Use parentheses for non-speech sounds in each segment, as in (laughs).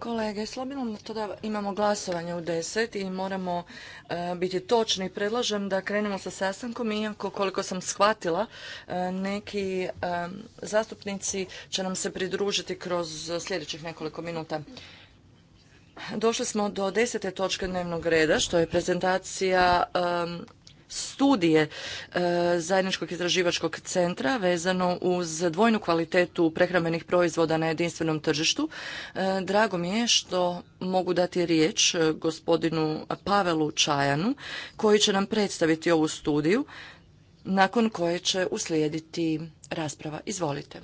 Kolege, slobilo to da imamo glasovanje u deset i moramo e, biti točni. Predlažem da krenemo sa sastankom, iako koliko sam shvatila, e, neki e, zastupnici će nam se pridružiti kroz sljedećih nekoliko minuta. Došli smo do desete točke dnevnog reda, što je prezentacija studije e, zajedničkog izraživačkog centra vezano uz dvojnu kvalitetu prehrambenih proizvoda na jedinstvenom tržištu. E, drago mi je što mogu dati riječ e, gospodinu Pavelu Čajanu koji će nam predstaviti ovu studiju nakon koje će uslijediti rasprava. Izvolite.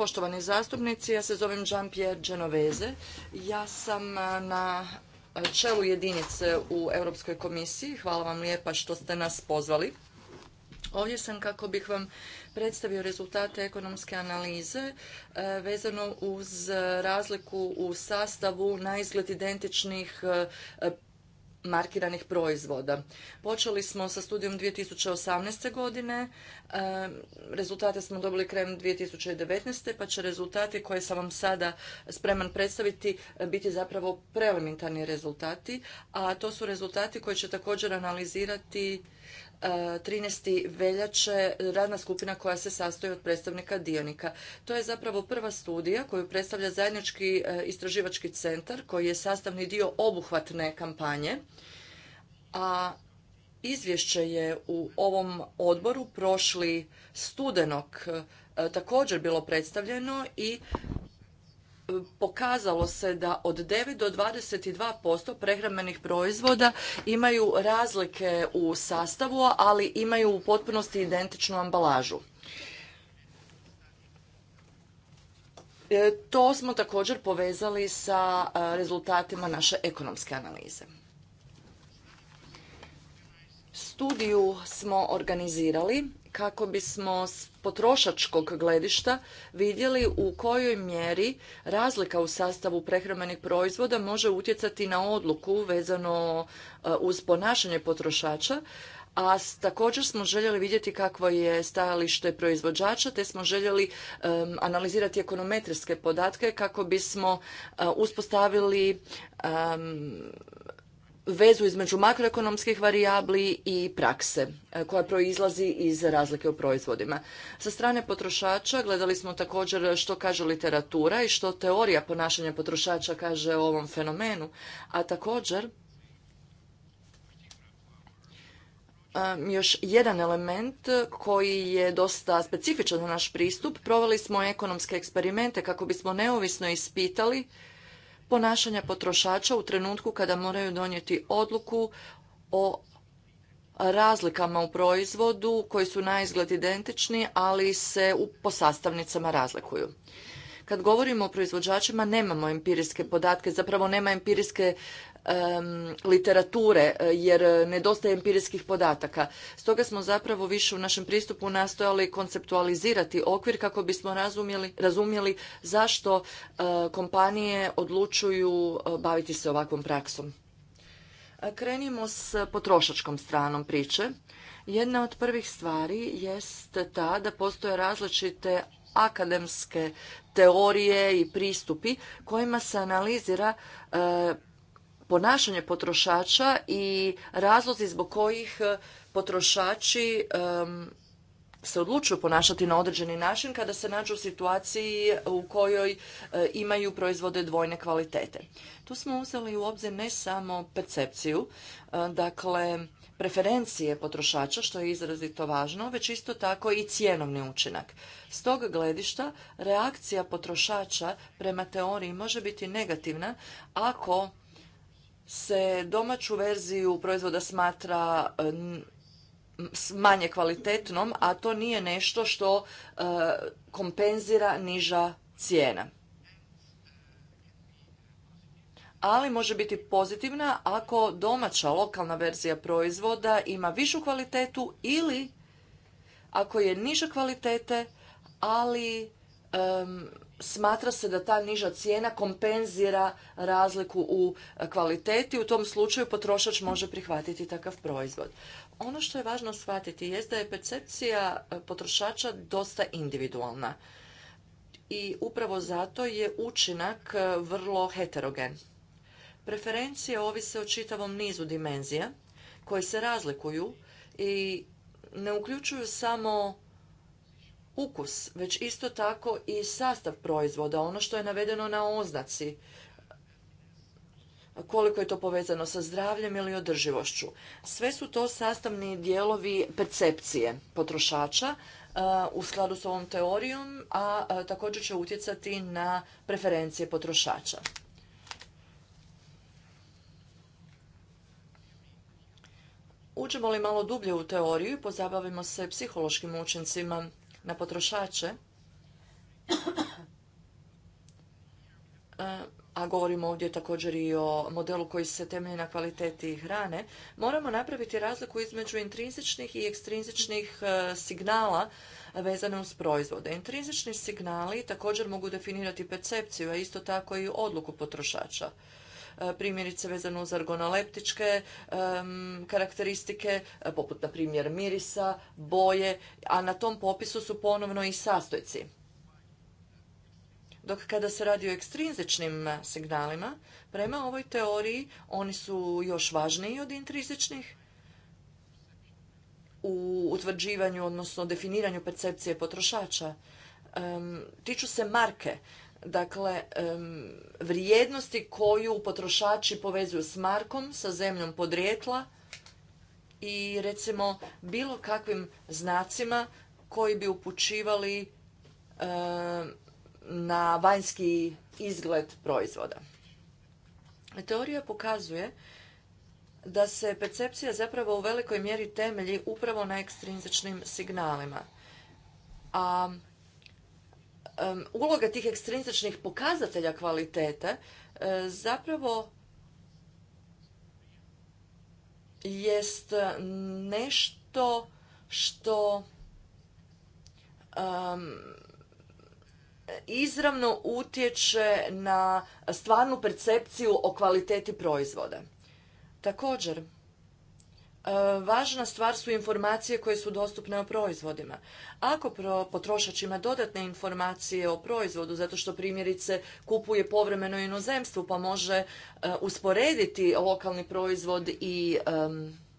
Poštovani zastupnici, ja se zovem Jean-Pierre Genoveze. Ja sam na čelu jedinice u Europskoj komisiji. Hvala vam lijepa što ste nas pozvali. Ovdje sam kako bih vam predstavio rezultate ekonomske analize e, vezano uz razliku u sastavu na izgled identičnih e, markiranih proizvoda. Počeli smo sa studijom 2018. godine, e, rezultate smo dobili krajem 2019. pa će rezultati koje sam vam sada spreman predstaviti e, biti zapravo preelementarni rezultati, a to su rezultati koji će također analizirati 13. E, veljače radna skupina koja se sastoji od predstavnika dionika. To je zapravo prva studija koju predstavlja zajednički e, istraživački centar koji je sastavni dio obuhvatne kampanje. A izvješće je u ovom odboru prošli studenog e, također bilo predstavljeno i pokazalo se da od 9 do 22% prehrambenih proizvoda imaju razlike u sastavu, ali imaju u potpunosti identičnu ambalažu. E, to smo također povezali sa e, rezultatima naše ekonomske analize. Studiju smo organizirali kako bismo s potrošačkog gledišta vidjeli u kojoj mjeri razlika u sastavu prehrambenih proizvoda može utjecati na odluku vezano e, uz ponašanje potrošača, a također smo željeli vidjeti kakvo je stajalište proizvođača, te smo željeli analizirati ekonometrijske podatke kako bismo e, uspostavili vezu između makroekonomskih varijabli i prakse e, koja proizlazi iz razlike u proizvodima. Sa strane potrošača gledali smo također što kaže literatura i što teorija ponašanja potrošača kaže o ovom fenomenu, a također još jedan element koji je dosta specifičan za naš pristup. Proveli smo ekonomske eksperimente kako bismo neovisno ispitali ponašanja potrošača u trenutku kada moraju donijeti odluku o razlikama u proizvodu koji su na izgled identični, ali se u, po sastavnicama razlikuju. Kad govorimo o proizvođačima, nemamo empirijske podatke, zapravo nema empirijske literature e, jer e, nedostaje empirijskih podataka. Stoga smo zapravo više u našem pristupu nastojali konceptualizirati okvir kako bismo razumjeli, razumjeli zašto e, kompanije odlučuju baviti se ovakvom praksom. Krenimo s potrošačkom stranom priče. Jedna od prvih stvari jest ta da postoje različite akademske teorije i pristupi kojima se analizira ponašanje potrošača i razlozi zbog kojih e, potrošači se odlučuju ponašati na određeni način kada se nađu u situaciji u kojoj e, imaju proizvode dvojne kvalitete. Tu smo uzeli u obzir ne samo percepciju, e, dakle preferencije potrošača, što je izrazito važno, već isto tako i cjenovni učinak. S tog gledišta reakcija potrošača prema teoriji može biti negativna ako se domaću verziju proizvoda smatra e, manje kvalitetnom, a to nije nešto što e, kompenzira niža cijena. Ali može biti pozitivna ako domaća lokalna verzija proizvoda ima višu kvalitetu ili ako je niža kvalitete, ali smatra se da ta niža cijena kompenzira razliku u kvaliteti. U tom slučaju potrošač može prihvatiti takav proizvod. Ono što je važno shvatiti je da je percepcija e, potrošača dosta individualna i upravo zato je učinak e, vrlo heterogen. Preferencije ovise o čitavom nizu dimenzija koje se razlikuju i ne uključuju samo ukus, već isto tako i sastav proizvoda, ono što je navedeno na oznaci, koliko je to povezano sa zdravljem ili održivošću. Sve su to sastavni dijelovi percepcije potrošača e, u skladu s ovom teorijom, a e, također će utjecati na preferencije potrošača. Uđemo li malo dublje u teoriju i pozabavimo se psihološkim učincima na potrošače, a govorimo ovdje također i o modelu koji se temelji na kvaliteti hrane, moramo napraviti razliku između intrinzičnih i ekstrinzičnih e, signala vezane uz proizvode. Intrinzični signali također mogu definirati percepciju, a isto tako i odluku potrošača. E, primjerice vezano uz organoleptičke karakteristike, e, poput na primjer mirisa, boje, a na tom popisu su ponovno i sastojci. Dok kada se radi o ekstrinzičnim e, signalima, prema ovoj teoriji oni su još važniji od intrinzičnih u utvrđivanju, odnosno definiranju percepcije potrošača. tiču se marke dakle vrijednosti koju potrošači povezuju s markom, sa zemljom podrijetla i recimo bilo kakvim znacima koji bi upućivali na vanjski izgled proizvoda. Teorija pokazuje da se percepcija zapravo u velikoj mjeri temelji upravo na ekstrinzičnim signalima. A uloga tih ekstremističnih pokazatelja kvalitete e, zapravo jest nešto što izravno utječe na stvarnu percepciju o kvaliteti proizvoda. Također, E, važna stvar su informacije koje su dostupne o proizvodima. Ako potrošač ima dodatne informacije o proizvodu, zato što primjerice kupuje povremeno inozemstvu, pa može e, usporediti lokalni proizvod i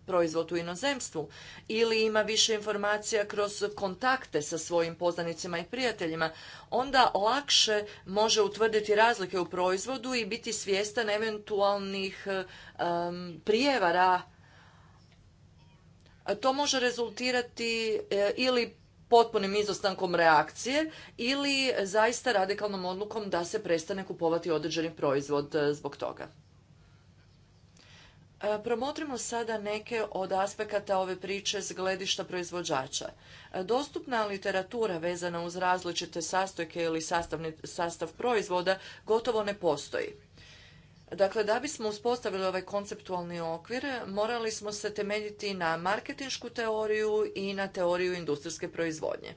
proizvod u inozemstvu ili ima više informacija kroz kontakte sa svojim poznanicima i prijateljima, onda lakše može utvrditi razlike u proizvodu i biti svjestan eventualnih prijevara to može rezultirati e, ili potpunim izostankom reakcije ili zaista radikalnom odlukom da se prestane kupovati određeni proizvod e, zbog toga. E, promotrimo sada neke od aspekata ove priče s gledišta proizvođača. Dostupna literatura vezana uz različite sastojke ili sastav proizvoda gotovo ne postoji. Dakle, da bismo uspostavili ovaj konceptualni okvir, morali smo se temeljiti na marketinšku teoriju i na teoriju industrijske proizvodnje.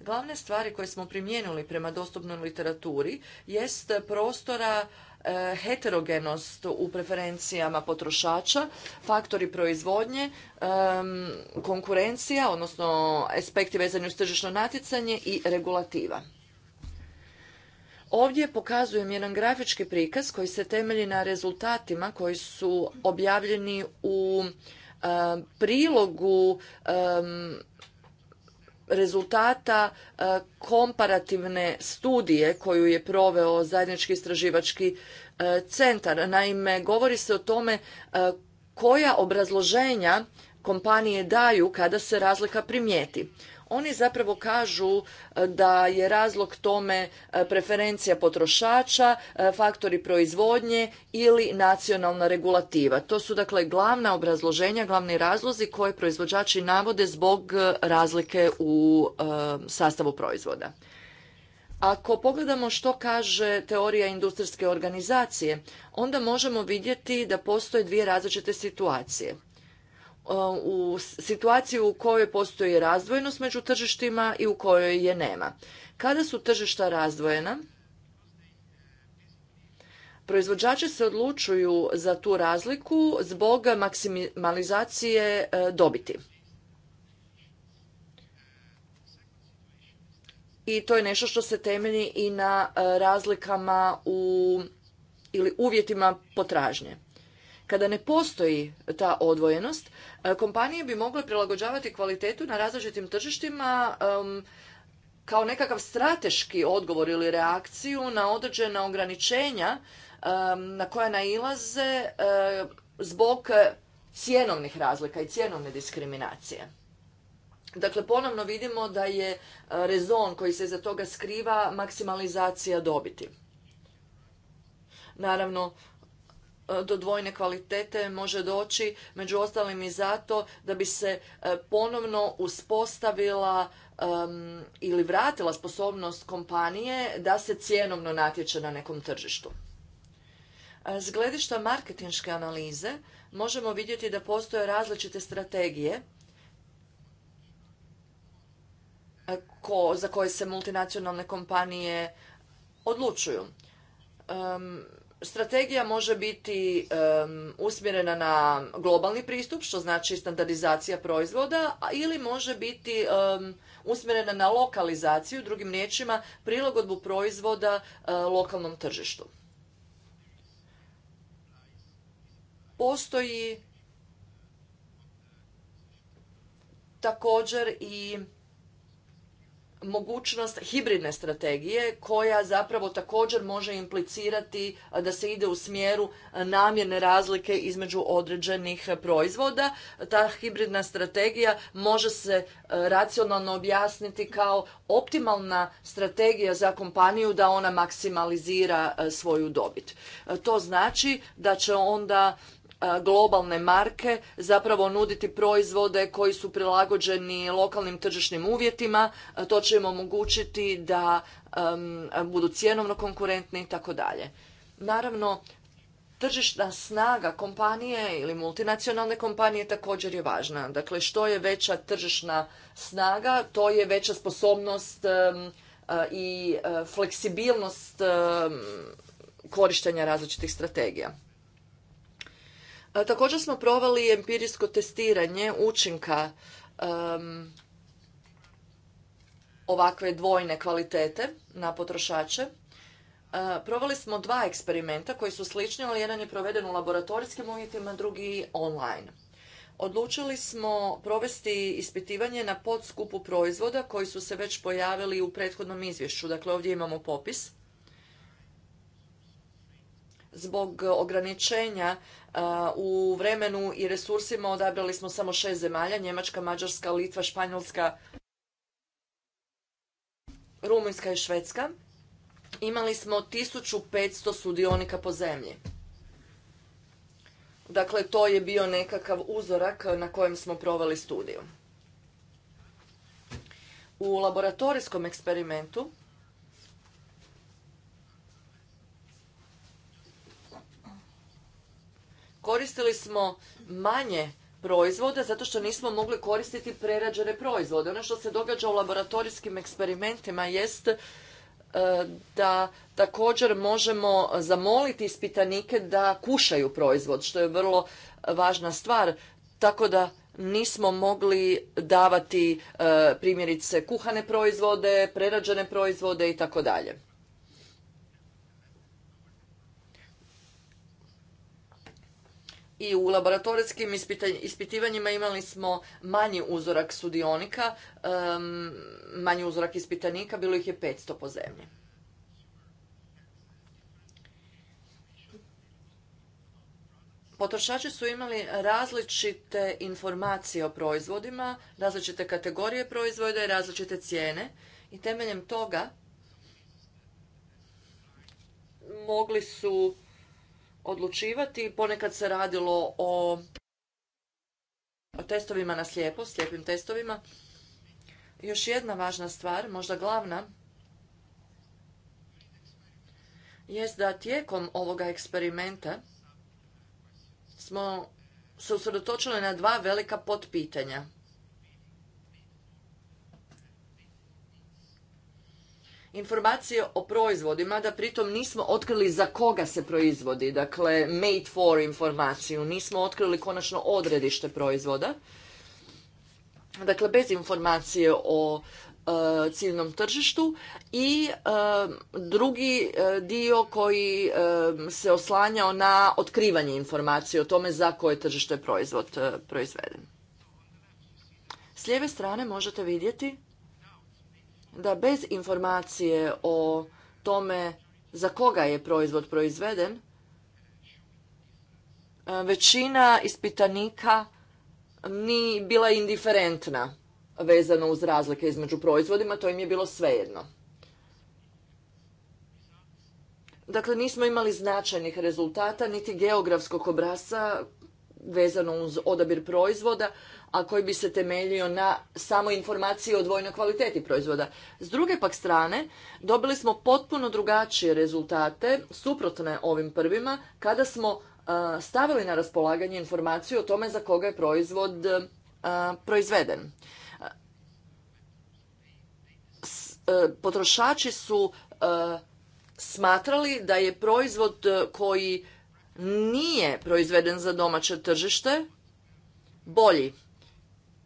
Glavne stvari koje smo primijenili prema dostupnoj literaturi jest prostora e, heterogenost u preferencijama potrošača, faktori proizvodnje, konkurencija, odnosno aspekti vezani uz tržišno natjecanje i regulativa. Ovdje pokazujem jedan grafički prikaz koji se temelji na rezultatima koji su objavljeni u e, prilogu e, rezultata e, komparativne studije koju je proveo zajednički istraživački centar. Naime, govori se o tome koja obrazloženja kompanije daju kada se razlika primijeti oni zapravo kažu e, da je razlog tome e, preferencija potrošača, e, faktori proizvodnje ili nacionalna regulativa. To su dakle glavna obrazloženja, glavni razlozi koje proizvođači navode zbog razlike u sastavu proizvoda. Ako pogledamo što kaže teorija industrijske organizacije, onda možemo vidjeti da postoje dvije različite situacije. E, u situaciju u kojoj postoji razdvojnost među tržištima i u kojoj je nema. Kada su tržišta razdvojena, proizvođači se odlučuju za tu razliku zbog maksimalizacije e, dobiti. I to je nešto što se temelji i na e, razlikama u ili uvjetima potražnje. Kada ne postoji ta odvojenost, e, kompanije bi mogle prilagođavati kvalitetu na različitim tržištima kao nekakav strateški odgovor ili reakciju na određena ograničenja na koja nailaze e, zbog cjenovnih razlika i cijenovne diskriminacije. Dakle, ponovno vidimo da je e, rezon koji se za toga skriva maksimalizacija dobiti. Naravno, E, do dvojne kvalitete može doći, među ostalim i zato da bi se e, ponovno uspostavila ili vratila sposobnost kompanije da se cjenovno natječe na nekom tržištu. E, s gledišta marketinške analize možemo vidjeti da postoje različite strategije za koje se multinacionalne kompanije odlučuju. Strategija može biti usmjerena na globalni pristup, što znači standardizacija proizvoda, ili može biti usmjerena na lokalizaciju, drugim riječima prilagodbu proizvoda e, lokalnom tržištu. Postoji također i mogućnost hibridne strategije koja zapravo također može implicirati da se ide u smjeru namjerne razlike između određenih proizvoda. Ta hibridna strategija može se racionalno objasniti kao optimalna strategija za kompaniju da ona maksimalizira svoju dobit. To znači da će onda globalne marke zapravo nuditi proizvode koji su prilagođeni lokalnim tržišnim uvjetima, to će im omogućiti da budu cjenovno konkurentni i tako dalje. Naravno, tržišna snaga kompanije ili multinacionalne kompanije također je važna. Dakle, što je veća tržišna snaga, to je veća sposobnost i e, fleksibilnost korištenja različitih strategija. Također smo proveli empirijsko testiranje učinka ovakve dvojne kvalitete na potrošače. Uh, proveli smo dva eksperimenta koji su slični, ali jedan je proveden u laboratorijskim uvjetima, drugi online. Odlučili smo provesti ispitivanje na podskupu proizvoda koji su se već pojavili u prethodnom izvješću. Dakle, ovdje imamo popis zbog ograničenja u vremenu i resursima odabrali smo samo šest zemalja, Njemačka, Mađarska, Litva, Španjolska, Rumunjska i Švedska. Imali smo 1500 sudionika po zemlji. Dakle, to je bio nekakav uzorak na kojem smo proveli studiju. U laboratorijskom eksperimentu koristili smo manje proizvoda zato što nismo mogli koristiti prerađene proizvode. Ono što se događa u laboratorijskim eksperimentima jest e, da također možemo zamoliti ispitanike da kušaju proizvod, što je vrlo važna stvar, tako da nismo mogli davati e, primjerice kuhane proizvode, prerađene proizvode i tako dalje. i u laboratorijskim ispitivanjima imali smo manji uzorak sudionika, manji uzorak ispitanika, bilo ih je 500 po zemlji. Potrošači su imali različite informacije o proizvodima, različite kategorije proizvoda i različite cijene i temeljem toga mogli su odlučivati. Ponekad se radilo o testovima na slijepo, slijepim testovima. Još jedna važna stvar, možda glavna, jest da tijekom ovoga eksperimenta smo se usredotočili na dva velika potpitanja. informacije o proizvodima da pritom nismo otkrili za koga se proizvodi, dakle made for informaciju, nismo otkrili konačno odredište proizvoda. Dakle, bez informacije o e, ciljnom tržištu i e, drugi e, dio koji se oslanjao na otkrivanje informacije o tome za koje tržište je proizvod proizveden. S lijeve strane možete vidjeti da bez informacije o tome za koga je proizvod proizveden, e, većina ispitanika ni bila indiferentna vezano uz razlike između proizvodima, to im je bilo svejedno. Dakle, nismo imali značajnih rezultata, niti geografskog obrasa vezano uz odabir proizvoda, a koji bi se temeljio na samo informaciji o dvojnoj kvaliteti proizvoda. S druge pak strane, dobili smo potpuno drugačije rezultate, suprotne ovim prvima, kada smo e, stavili na raspolaganje informaciju o tome za koga je proizvod e, proizveden. E, potrošači su smatrali da je proizvod koji nije proizveden za domaće tržište bolji.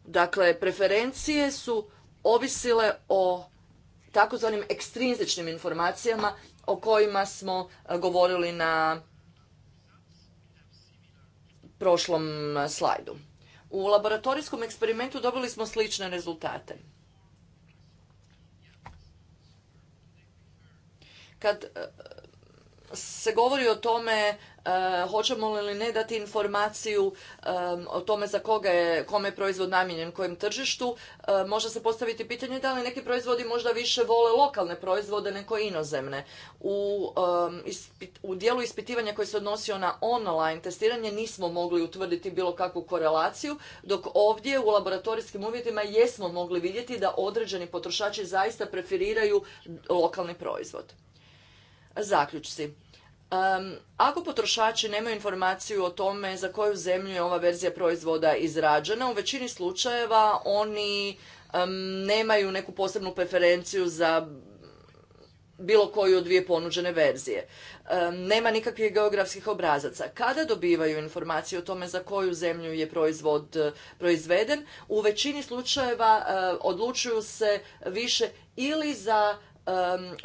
Dakle, preferencije su ovisile o takozvanim ekstrinzičnim informacijama o kojima smo eh, govorili na prošlom eh, slajdu. U laboratorijskom eksperimentu dobili smo slične rezultate. Kad eh, se govori o tome Eh, hoćemo li ne dati informaciju o tome za koga je, kome je proizvod namijenjen, kojem tržištu, eh, može se postaviti pitanje da li neki proizvodi možda više vole lokalne proizvode nego inozemne. U, u dijelu ispitivanja koji se odnosio na online testiranje nismo mogli utvrditi bilo kakvu korelaciju, dok ovdje u laboratorijskim uvjetima jesmo mogli vidjeti da određeni potrošači zaista preferiraju lokalni proizvod. Zaključci ako potrošači nemaju informaciju o tome za koju zemlju je ova verzija proizvoda izrađena, u većini slučajeva oni nemaju neku posebnu preferenciju za bilo koju od dvije ponuđene verzije. nema nikakvih geografskih obrazaca. Kada dobivaju informaciju o tome za koju zemlju je proizvod e, proizveden, u većini slučajeva e, odlučuju se više ili za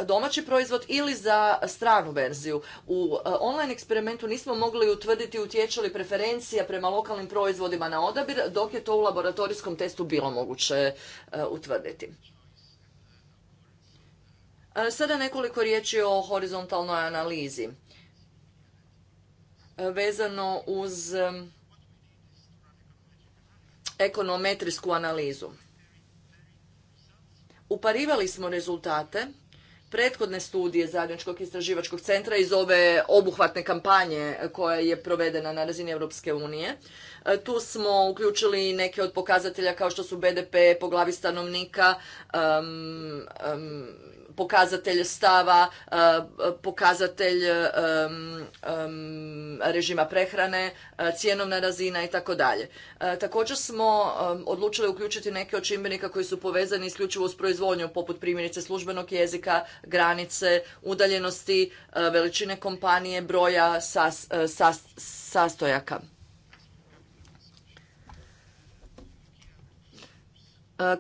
domaći proizvod ili za stranu verziju. U e, online eksperimentu nismo mogli utvrditi utječe li preferencija prema lokalnim proizvodima na odabir, dok je to u laboratorijskom testu bilo moguće e, utvrditi. E, sada nekoliko riječi o horizontalnoj analizi. Vezano uz ekonometrijsku analizu. Uparivali smo rezultate prethodne studije zajedničkog istraživačkog centra iz ove obuhvatne kampanje koja je provedena na razini Europske unije E, tu smo uključili neke od pokazatelja kao što su BDP po glavi stanovnika, pokazatelj stava, e, pokazatelj režima prehrane, e, cijenovna razina i tako dalje. Također smo odlučili uključiti neke od čimbenika koji su povezani isključivo s proizvodnjom, poput primjenice službenog jezika, granice, udaljenosti, veličine kompanije, broja sastojaka.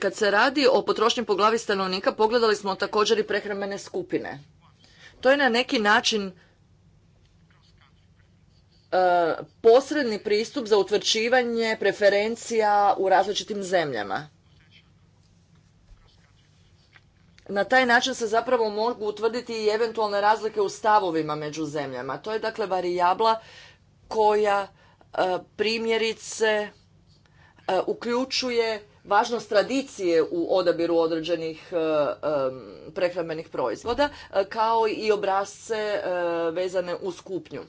Kad se radi o potrošnji po glavi stanovnika, pogledali smo također i prehrambene skupine. To je na neki način e, posredni pristup za utvrđivanje preferencija u različitim zemljama. Na taj način se zapravo mogu utvrditi i eventualne razlike u stavovima među zemljama. To je dakle varijabla koja e, primjerice e, uključuje važnost tradicije u odabiru određenih e, prehrambenih proizvoda e, kao i obrazce e, vezane uz kupnju.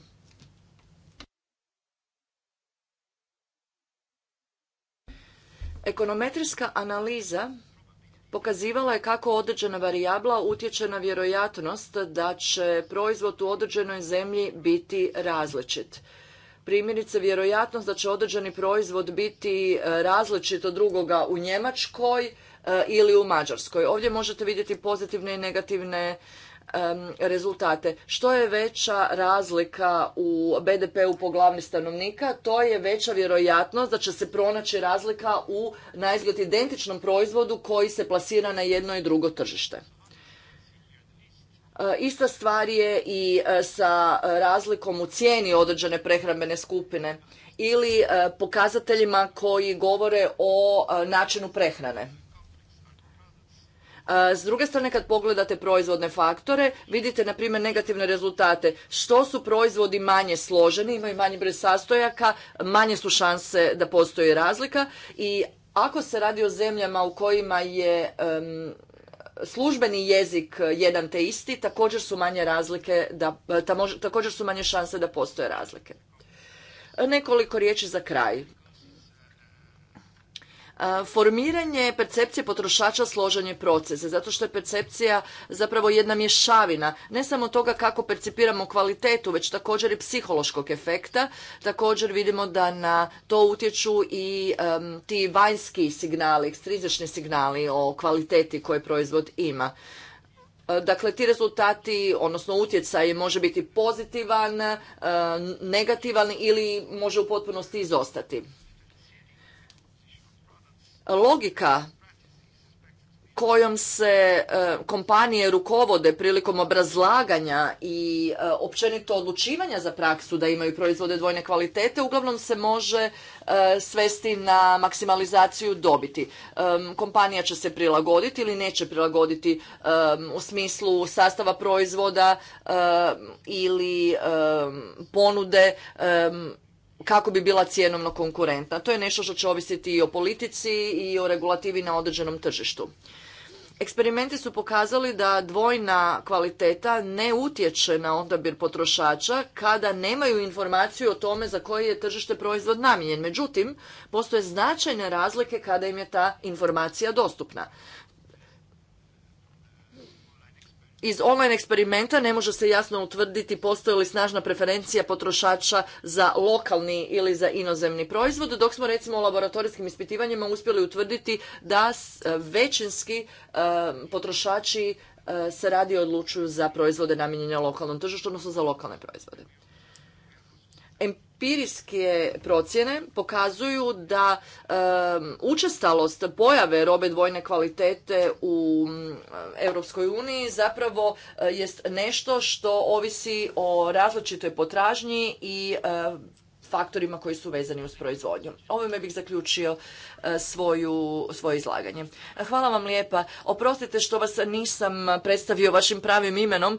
Ekonometrijska analiza pokazivala je kako određena varijabla utječe na vjerojatnost da će proizvod u određenoj zemlji biti različit. Primjerice, vjerojatnost da će određeni proizvod biti e, različit od drugoga u Njemačkoj e, ili u Mađarskoj. Ovdje možete vidjeti pozitivne i negativne rezultate. Što je veća razlika u BDP-u po glavni stanovnika, to je veća vjerojatnost da će se pronaći razlika u naizgled identičnom proizvodu koji se plasira na jedno i drugo tržište. E, ista stvar je i e, sa razlikom u cijeni određene prehrambene skupine ili e, pokazateljima koji govore o načinu prehrane. S druge strane, kad pogledate proizvodne faktore, vidite, na primjer, negativne rezultate. Što su proizvodi manje složeni, imaju manji broj sastojaka, manje su šanse da postoji razlika i ako se radi o zemljama u kojima je službeni jezik jedan te isti, također su manje razlike, da, također su manje šanse da postoje razlike. Nekoliko riječi za kraj. Formiranje percepcije potrošača složen je proces, zato što je percepcija zapravo jedna mješavina, ne samo toga kako percipiramo kvalitetu, već također i psihološkog efekta. Također vidimo da na to utječu i ti vanjski signali, ekstrizični signali o kvaliteti koje proizvod ima. E, dakle, ti rezultati, odnosno utjecaj može biti pozitivan, e, negativan ili može u potpunosti izostati logika kojom se e, kompanije rukovode prilikom obrazlaganja i e, općenito odlučivanja za praksu da imaju proizvode dvojne kvalitete uglavnom se može e, svesti na maksimalizaciju dobiti. Kompanija će se prilagoditi ili neće prilagoditi u smislu sastava proizvoda ili ponude kako bi bila cjenovno konkurentna. To je nešto što će ovisiti i o politici i o regulativi na određenom tržištu. Eksperimenti su pokazali da dvojna kvaliteta ne utječe na odabir potrošača kada nemaju informaciju o tome za koje je tržište proizvod namijenjen. Međutim, postoje značajne razlike kada im je ta informacija dostupna iz online eksperimenta ne može se jasno utvrditi postoji li snažna preferencija potrošača za lokalni ili za inozemni proizvod, dok smo recimo u laboratorijskim ispitivanjima uspjeli utvrditi da e, većinski e, potrošači e, se radi odlučuju za proizvode namijenjene lokalnom tržištu, odnosno za lokalne proizvode empirijske procjene pokazuju da učestalost pojave robe dvojne kvalitete u mm, Europskoj uniji zapravo e, jest nešto što ovisi o različitoj potražnji i e, faktorima koji su vezani uz proizvodnju. Ovime bih zaključio e, svoju, svoje izlaganje. Hvala vam lijepa. Oprostite što vas nisam predstavio vašim pravim imenom, e,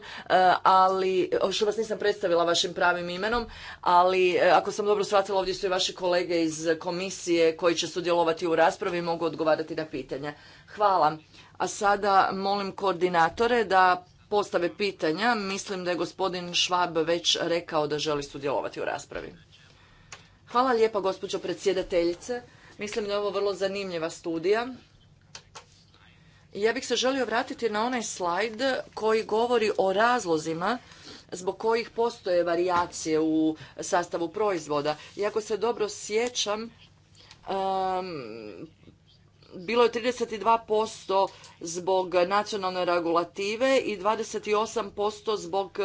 ali što vas nisam predstavila vašim pravim imenom, ali e, ako sam dobro shvatila ovdje su i vaši kolege iz komisije koji će sudjelovati u raspravi i mogu odgovarati na pitanja. Hvala. A sada molim koordinatore da postave pitanja. Mislim da je gospodin Švab već rekao da želi sudjelovati u raspravi. Hvala lijepa gospođo predsjedateljice. Mislim da je ovo vrlo zanimljiva studija. Ja bih se želio vratiti na onaj slajd koji govori o razlozima zbog kojih postoje varijacije u sastavu proizvoda. I ako se dobro sjećam, um, bilo je 32% zbog nacionalne regulative i 28% zbog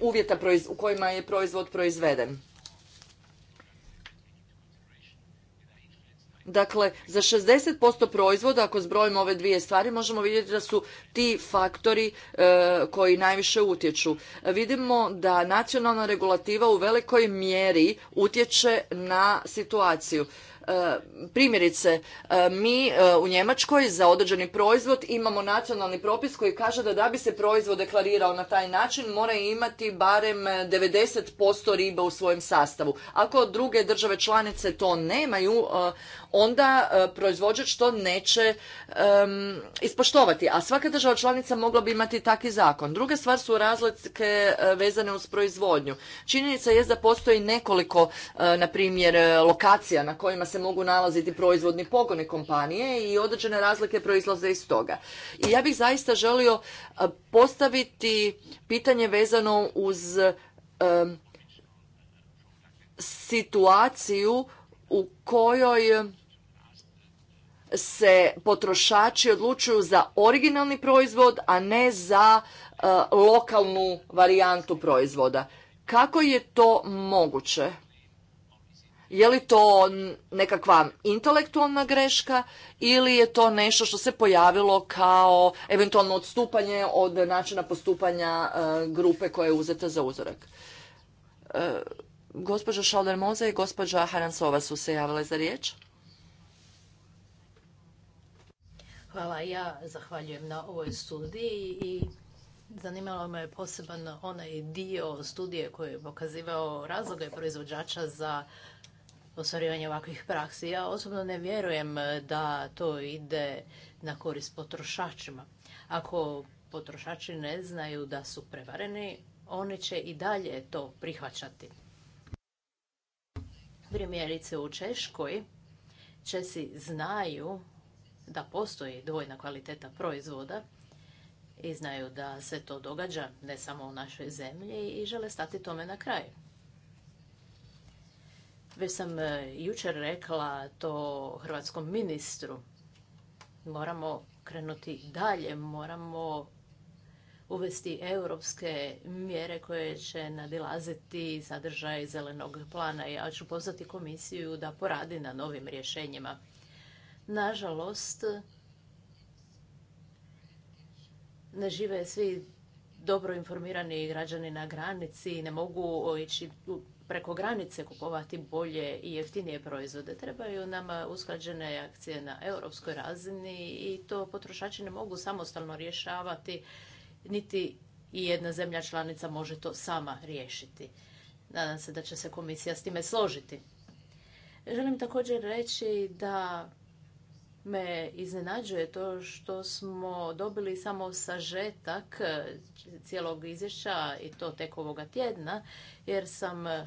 uvjeta u kojima je proizvod proizveden. Dakle, za 60% proizvoda, ako zbrojimo ove dvije stvari, možemo vidjeti da su ti faktori e, koji najviše utječu. Vidimo da nacionalna regulativa u velikoj mjeri utječe na situaciju. E, primjerice, e, mi e, u Njemačkoj za određeni proizvod imamo nacionalni propis koji kaže da da bi se proizvod deklarirao na taj način mora imati barem 90% riba u svojem sastavu. Ako druge države članice to nemaju, onda proizvođač to neće ispoštovati. A svaka država članica mogla bi imati taki zakon. Druga stvar su razlike vezane uz proizvodnju. Činjenica je da postoji nekoliko, na primjer, lokacija na kojima se se mogu nalaziti proizvodni pogoni kompanije i određene razlike proizlaze iz toga. I ja bih zaista želio e, postaviti pitanje vezano uz e, situaciju u kojoj se potrošači odlučuju za originalni proizvod, a ne za e, lokalnu varijantu proizvoda. Kako je to moguće? Je li to nekakva intelektualna greška ili je to nešto što se pojavilo kao eventualno odstupanje od načina postupanja e, grupe koja je uzeta za uzorak? E, gospođa Šalder i gospođa Haransova su se javile za riječ. Hvala, ja zahvaljujem na ovoj studiji i zanimalo me poseban onaj dio studije koji je pokazivao razloge proizvođača za ostvarivanje ovakvih praksi. Ja osobno ne vjerujem e, da to ide na korist potrošačima. Ako potrošači ne znaju da su prevareni, oni će i dalje to prihvaćati. Primjerice u Češkoj Česi znaju da postoji dvojna kvaliteta proizvoda i znaju da se to događa ne samo u našoj zemlji i žele stati tome na kraju. Već sam e, jučer rekla to hrvatskom ministru. Moramo krenuti dalje, moramo uvesti europske mjere koje će nadilaziti sadržaj zelenog plana. Ja ću pozvati komisiju da poradi na novim rješenjima. Nažalost, ne žive svi dobro informirani građani na granici, i ne mogu ići preko granice kupovati bolje i jeftinije proizvode. Trebaju nama e, usklađene akcije na europskoj razini i to potrošači ne mogu samostalno rješavati, niti i jedna zemlja članica može to sama riješiti. Nadam se da će se komisija s time složiti. Želim također reći da me iznenađuje to što smo dobili samo sažetak e, cijelog izvješća i to tek ovoga tjedna, jer sam e,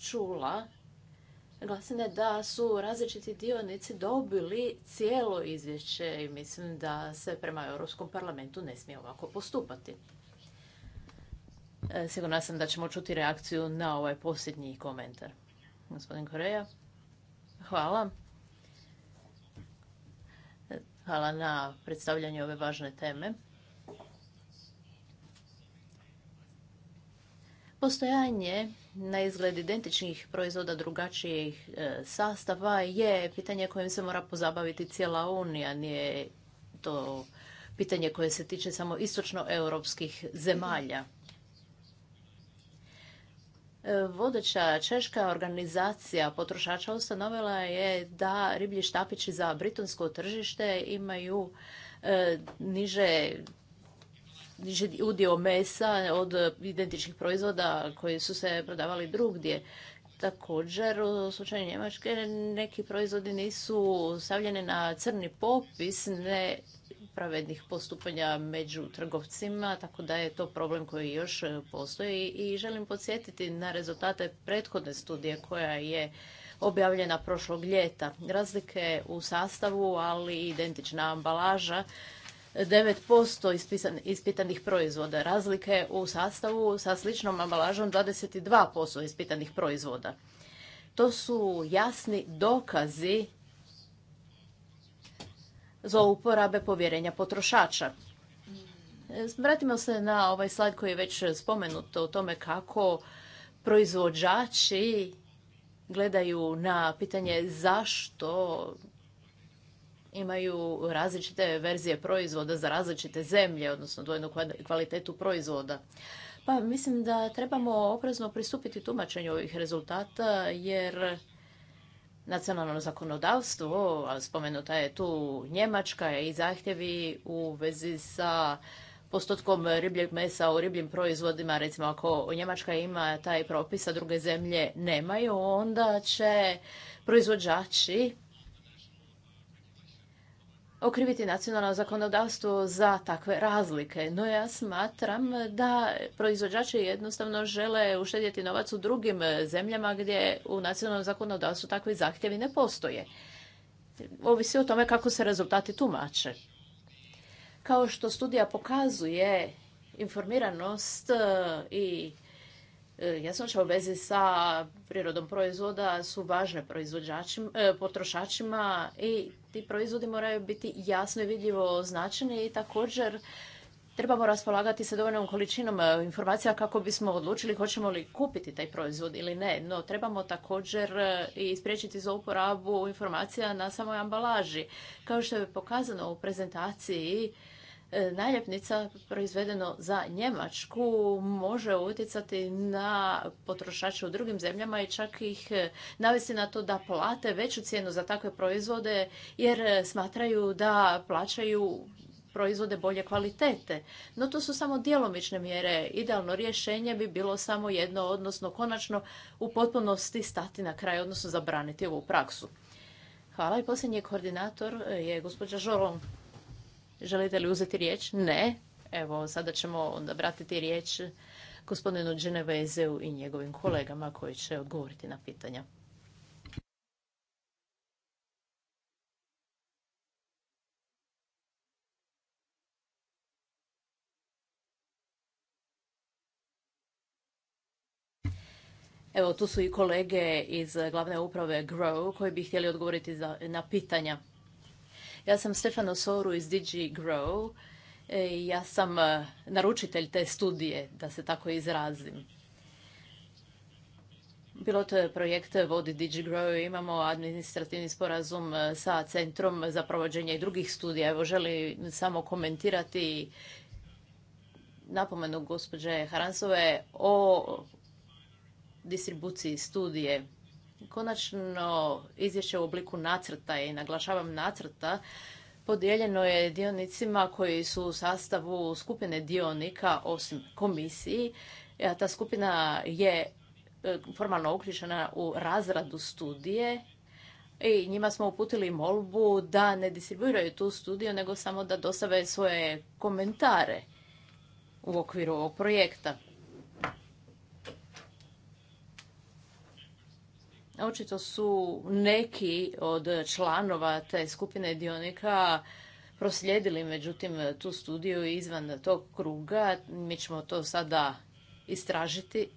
čula glasine da su različiti dionici dobili cijelo izvješće i mislim da se prema Europskom parlamentu ne smije ovako postupati. E, sigurna sam da ćemo čuti reakciju na ovaj posljednji komentar. Gospodin Koreja, hvala. Hvala na predstavljanju ove važne teme. Postojanje na izgled identičnih proizvoda drugačijih e, sastava je pitanje kojim se mora pozabaviti cijela Unija. Nije to pitanje koje se tiče samo istočnoeuropskih zemalja. Vodeća češka organizacija potrošača ustanovila je da riblji štapići za britonsko tržište imaju e, niže niži udio mesa od identičnih proizvoda koji su se prodavali drugdje. Također, u slučaju Njemačke neki proizvodi nisu stavljeni na crni popis, ne pravednih postupanja među trgovcima, tako da je to problem koji još e, postoji i želim podsjetiti na rezultate prethodne studije koja je objavljena prošlog ljeta. Razlike u sastavu, ali identična ambalaža, 9% ispitanih proizvoda. Razlike u sastavu sa sličnom ambalažom 22% ispitanih proizvoda. To su jasni dokazi zlouporabe povjerenja potrošača. Vratimo se na ovaj slajd koji je već spomenut o tome kako proizvođači gledaju na pitanje zašto imaju različite verzije proizvoda za različite zemlje, odnosno dvojnu kvalitetu proizvoda. Pa mislim da trebamo oprezno pristupiti tumačenju ovih rezultata jer nacionalno zakonodavstvo, spomenuta je tu Njemačka i zahtjevi u vezi sa postotkom ribljeg mesa u ribljim proizvodima, recimo ako Njemačka ima taj propis, a druge zemlje nemaju, onda će proizvođači okriviti nacionalno zakonodavstvo za takve razlike. No ja smatram da proizvođači jednostavno žele uštedjeti novac u drugim zemljama gdje u nacionalnom zakonodavstvu takvi zahtjevi ne postoje. Ovisi o tome kako se rezultati tumače. Kao što studija pokazuje, informiranost e, i e, jasnoća u vezi sa prirodom proizvoda su važne e, potrošačima i ti proizvodi moraju biti jasno i vidljivo značeni i također trebamo raspolagati sa dovoljnom količinom e, informacija kako bismo odlučili hoćemo li kupiti taj proizvod ili ne. No, trebamo također e, i spriječiti uporabu informacija na samoj ambalaži. Kao što je pokazano u prezentaciji, E, naljepnica proizvedeno za Njemačku može utjecati na potrošače u drugim zemljama i čak ih e, navesti na to da plate veću cijenu za takve proizvode jer e, smatraju da plaćaju proizvode bolje kvalitete. No to su samo djelomične mjere. Idealno rješenje bi bilo samo jedno, odnosno konačno u potpunosti stati na kraj, odnosno zabraniti ovu praksu. Hvala i posljednji koordinator je gospođa Žolom. Želite li uzeti riječ? Ne. Evo, sada ćemo onda vratiti riječ gospodinu Dženevezeu i njegovim kolegama koji će odgovoriti na pitanja. Evo, tu su i kolege iz glavne uprave GROW koji bi htjeli odgovoriti za, na pitanja. Ja sam Stefano Soru iz Digi Grow. E, ja sam e, naručitelj te studije, da se tako izrazim. Pilot projekt vodi DigiGrow, imamo administrativni sporazum e, sa Centrom za provođenje i drugih studija. Evo želim samo komentirati napomenu gospođe Haransove o distribuciji studije konačno izvješće u obliku nacrta i naglašavam nacrta podijeljeno je dionicima koji su u sastavu skupine dionika osim komisiji. E, ta skupina je e, formalno uključena u razradu studije i njima smo uputili molbu da ne distribuiraju tu studiju, nego samo da dostave svoje komentare u okviru ovog projekta. Očito su neki od članova te skupine dionika proslijedili, međutim, tu studiju izvan tog kruga. Mi ćemo to sada istražiti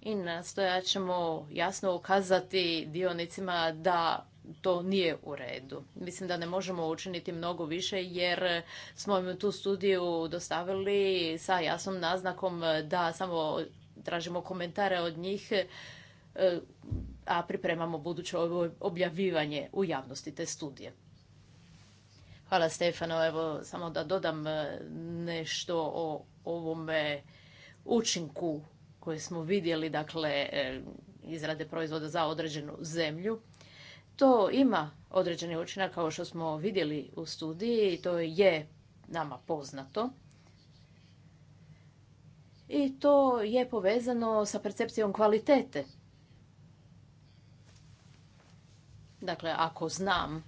i nastojat ćemo jasno ukazati dionicima da to nije u redu. Mislim da ne možemo učiniti mnogo više jer smo im tu studiju dostavili sa jasnom naznakom da samo tražimo komentare od njih E, a pripremamo buduće objavljivanje u javnosti te studije. Hvala Stefano, evo samo da dodam e, nešto o ovome učinku koji smo vidjeli, dakle e, izrade proizvoda za određenu zemlju. To ima određeni učinak kao što smo vidjeli u studiji i to je nama poznato. I to je povezano sa percepcijom kvalitete Dakle, ako znam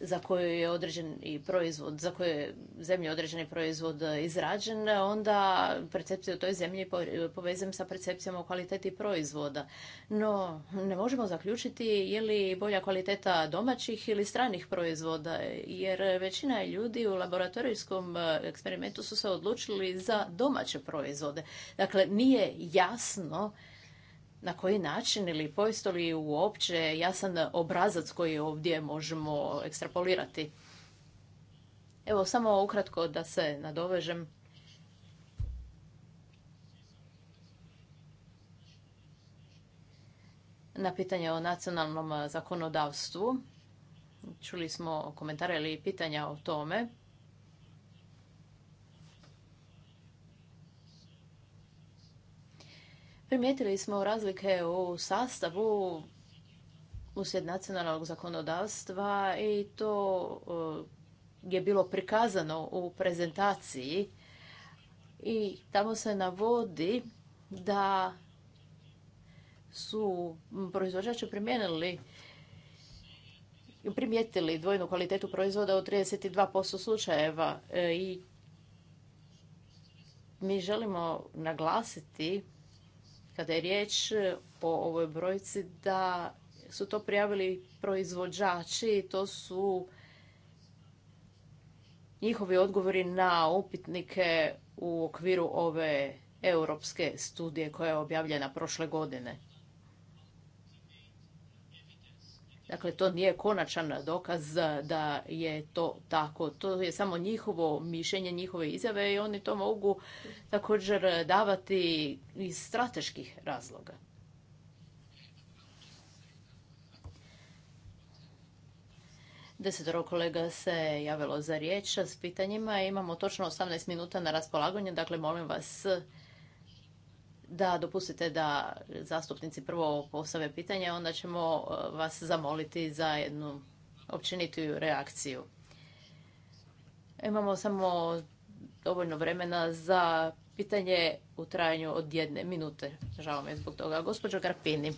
za koju je određen i proizvod, za koju je zemlje određeni proizvod izrađen, onda percepciju u toj zemlji povezam sa percepcijom o kvaliteti proizvoda. No, ne možemo zaključiti je li bolja kvaliteta domaćih ili stranih proizvoda, jer većina ljudi u laboratorijskom e, eksperimentu su se odlučili za domaće proizvode. Dakle, nije jasno na koji način ili postoji li uopće jasan obrazac koji ovdje možemo ekstrapolirati. Evo, samo ukratko da se nadovežem. Na pitanje o nacionalnom zakonodavstvu. Čuli smo komentare ili pitanja o tome. Primijetili smo razlike u sastavu uslijed nacionalnog zakonodavstva i to eh, je bilo prikazano u prezentaciji i tamo se navodi da su proizvođači primijenili primijetili dvojnu kvalitetu proizvoda u 32% slučajeva eh, i mi želimo naglasiti kada je riječ e, o ovoj brojci da su to prijavili proizvođači, i to su njihovi odgovori na upitnike u okviru ove europske studije koja je objavljena prošle godine. Dakle, to nije konačan dokaz da je to tako. To je samo njihovo mišljenje, njihove izjave i oni to mogu također davati iz strateških razloga. Desetoro kolega se javilo za riječ s pitanjima. Imamo točno 18 minuta na raspolaganju, dakle molim vas da dopustite da zastupnici prvo postave pitanje, onda ćemo eh, vas zamoliti za jednu općenitiju reakciju. Imamo samo dovoljno vremena za pitanje u trajanju od jedne minute. Žao je zbog toga. Gospođo Garpini.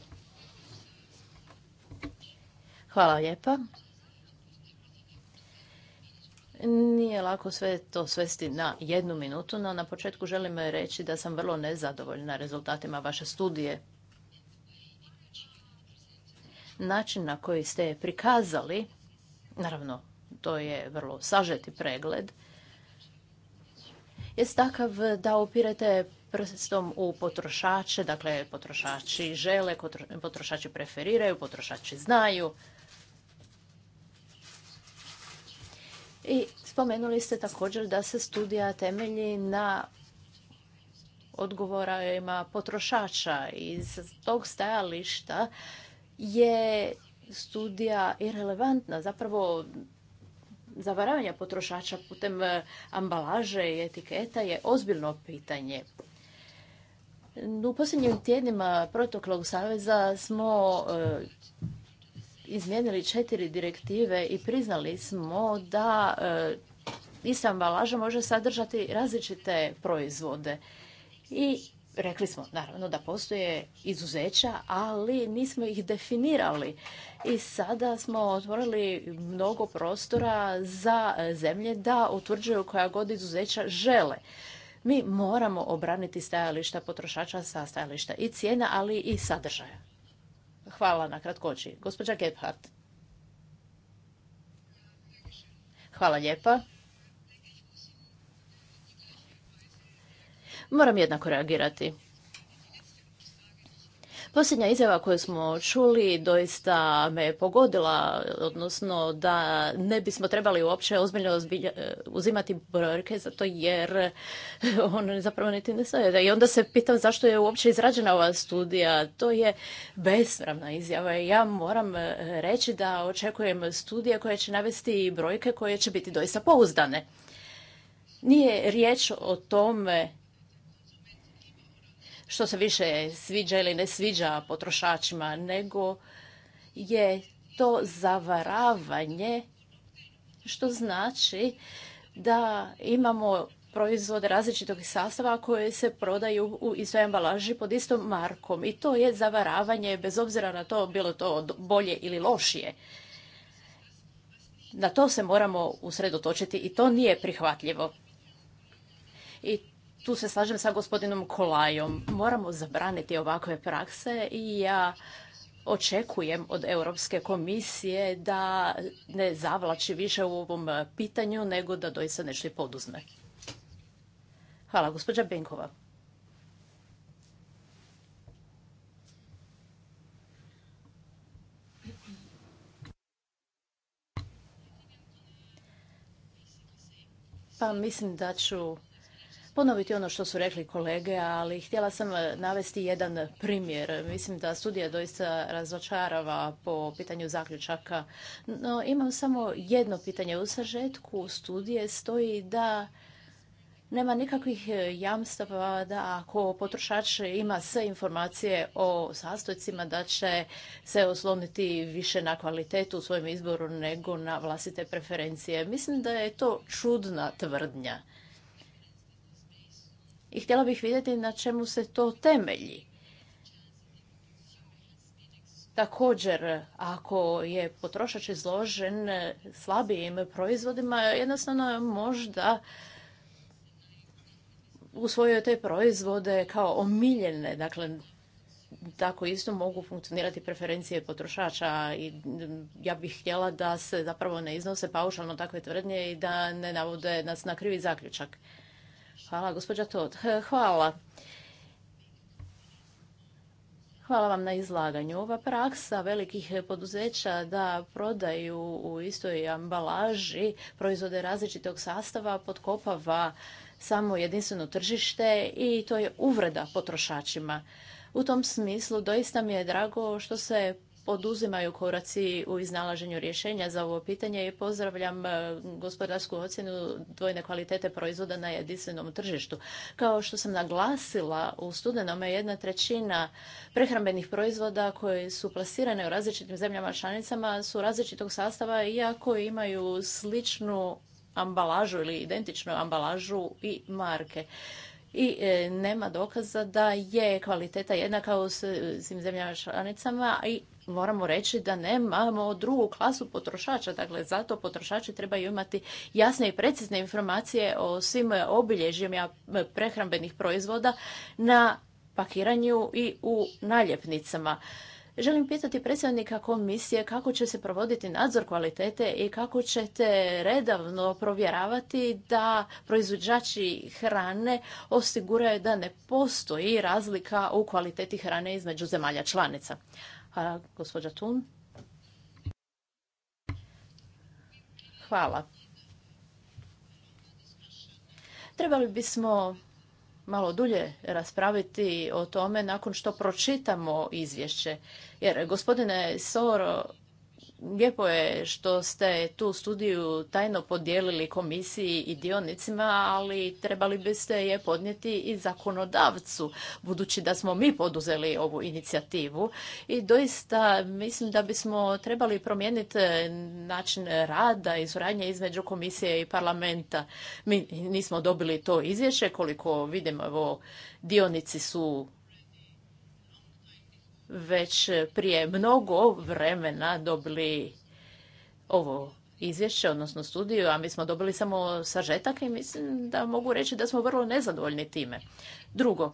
Hvala lijepa. Nije lako sve to svesti na jednu minutu, no na početku želim reći da sam vrlo nezadovoljna rezultatima vaše studije. Način na koji ste je prikazali, naravno to je vrlo sažeti pregled, je takav da opirete prstom u potrošače, dakle potrošači žele, potrošači preferiraju, potrošači znaju. I spomenuli ste također da se studija temelji na odgovorima potrošača. Iz tog stajališta je studija irelevantna. Zapravo, zavaravanja potrošača putem e, ambalaže i etiketa je ozbiljno pitanje. U posljednjim tjednima protoklog saveza smo e, izmijenili četiri direktive i priznali smo da e, ista ambalaža može sadržati različite proizvode. I rekli smo naravno da postoje izuzeća, ali nismo ih definirali. I sada smo otvorili mnogo prostora za e, zemlje da utvrđuju koja god izuzeća žele. Mi moramo obraniti stajališta potrošača sa stajališta i cijena, ali i sadržaja. Hvala na kratkoći. Gospođa Gebhardt. Hvala lijepa. Moram jednako reagirati. Posljednja izjava koju smo čuli doista me pogodila, odnosno da ne bismo trebali uopće ozbiljno uzimati brojke za to, jer (laughs) on zapravo niti ne stoje. I onda se pitam zašto je uopće izrađena ova studija. To je besramna izjava. Ja moram e, reći da očekujem studije koje će navesti brojke koje će biti doista pouzdane. Nije riječ o tome što se više sviđa ili ne sviđa potrošačima, nego je to zavaravanje, što znači da imamo proizvode različitog sastava koje se prodaju u istoj ambalaži pod istom markom. I to je zavaravanje, bez obzira na to bilo to bolje ili lošije. Na to se moramo usredotočiti i to nije prihvatljivo. I tu se slažem sa gospodinom Kolajom. Moramo zabraniti ovakve prakse i ja očekujem od Europske komisije da ne zavlači više u ovom pitanju, nego da doista nešto i poduzme. Hvala, gospođa Benkova. Pa mislim da ću ponoviti ono što su rekli kolege, ali htjela sam e, navesti jedan primjer. Mislim da studija doista razočarava po pitanju zaključaka. No, imam samo jedno pitanje. U sažetku studije stoji da nema nikakvih e, jamstava da ako potrošač ima sve informacije o sastojcima da će se osloniti više na kvalitetu u svojem izboru nego na vlastite preferencije. Mislim da je to čudna tvrdnja i htjela bih vidjeti na čemu se to temelji. Također, ako je potrošač izložen slabijim proizvodima, jednostavno je možda usvojio te proizvode kao omiljene, dakle tako isto mogu funkcionirati preferencije potrošača i ja bih htjela da se zapravo ne iznose paušalno takve tvrdnje i da ne navode nas na krivi zaključak. Hvala, gospođa Tod. Hvala. Hvala vam na izlaganju. Ova praksa velikih poduzeća da prodaju u istoj ambalaži proizvode različitog sastava podkopava samo jedinstveno tržište i to je uvreda potrošačima. U tom smislu doista mi je drago što se poduzimaju koraci u iznalaženju rješenja za ovo pitanje i pozdravljam e, gospodarsku ocjenu dvojne kvalitete proizvoda na jedinstvenom tržištu. Kao što sam naglasila, u studenome jedna trećina prehrambenih proizvoda koje su plasirane u različitim zemljama članicama su različitog sastava iako imaju sličnu ambalažu ili identičnu ambalažu i marke i e, nema dokaza da je kvaliteta jednaka u svim zemljama članicama i moramo reći da nemamo drugu klasu potrošača. Dakle, zato potrošači trebaju imati jasne i precizne informacije o svim obilježjima prehrambenih proizvoda na pakiranju i u naljepnicama. Želim pitati predsjednika komisije kako će se provoditi nadzor kvalitete i kako ćete redavno provjeravati da proizvođači hrane osiguraju da ne postoji razlika u kvaliteti hrane između zemalja članica. Hvala, gospođa Tun. Hvala. Trebali bismo malo dulje raspraviti o tome nakon što pročitamo izvješće. Jer, gospodine Soro, Lijepo je što ste tu studiju tajno podijelili komisiji i dionicima, ali trebali biste je podnijeti i zakonodavcu, budući da smo mi poduzeli ovu inicijativu. I doista mislim da bismo trebali promijeniti način rada i suradnje između komisije i parlamenta. Mi nismo dobili to izvješće, koliko vidimo evo, dionici su već prije mnogo vremena dobili ovo izvješće, odnosno studiju, a mi smo dobili samo sažetak i mislim da mogu reći da smo vrlo nezadovoljni time. Drugo,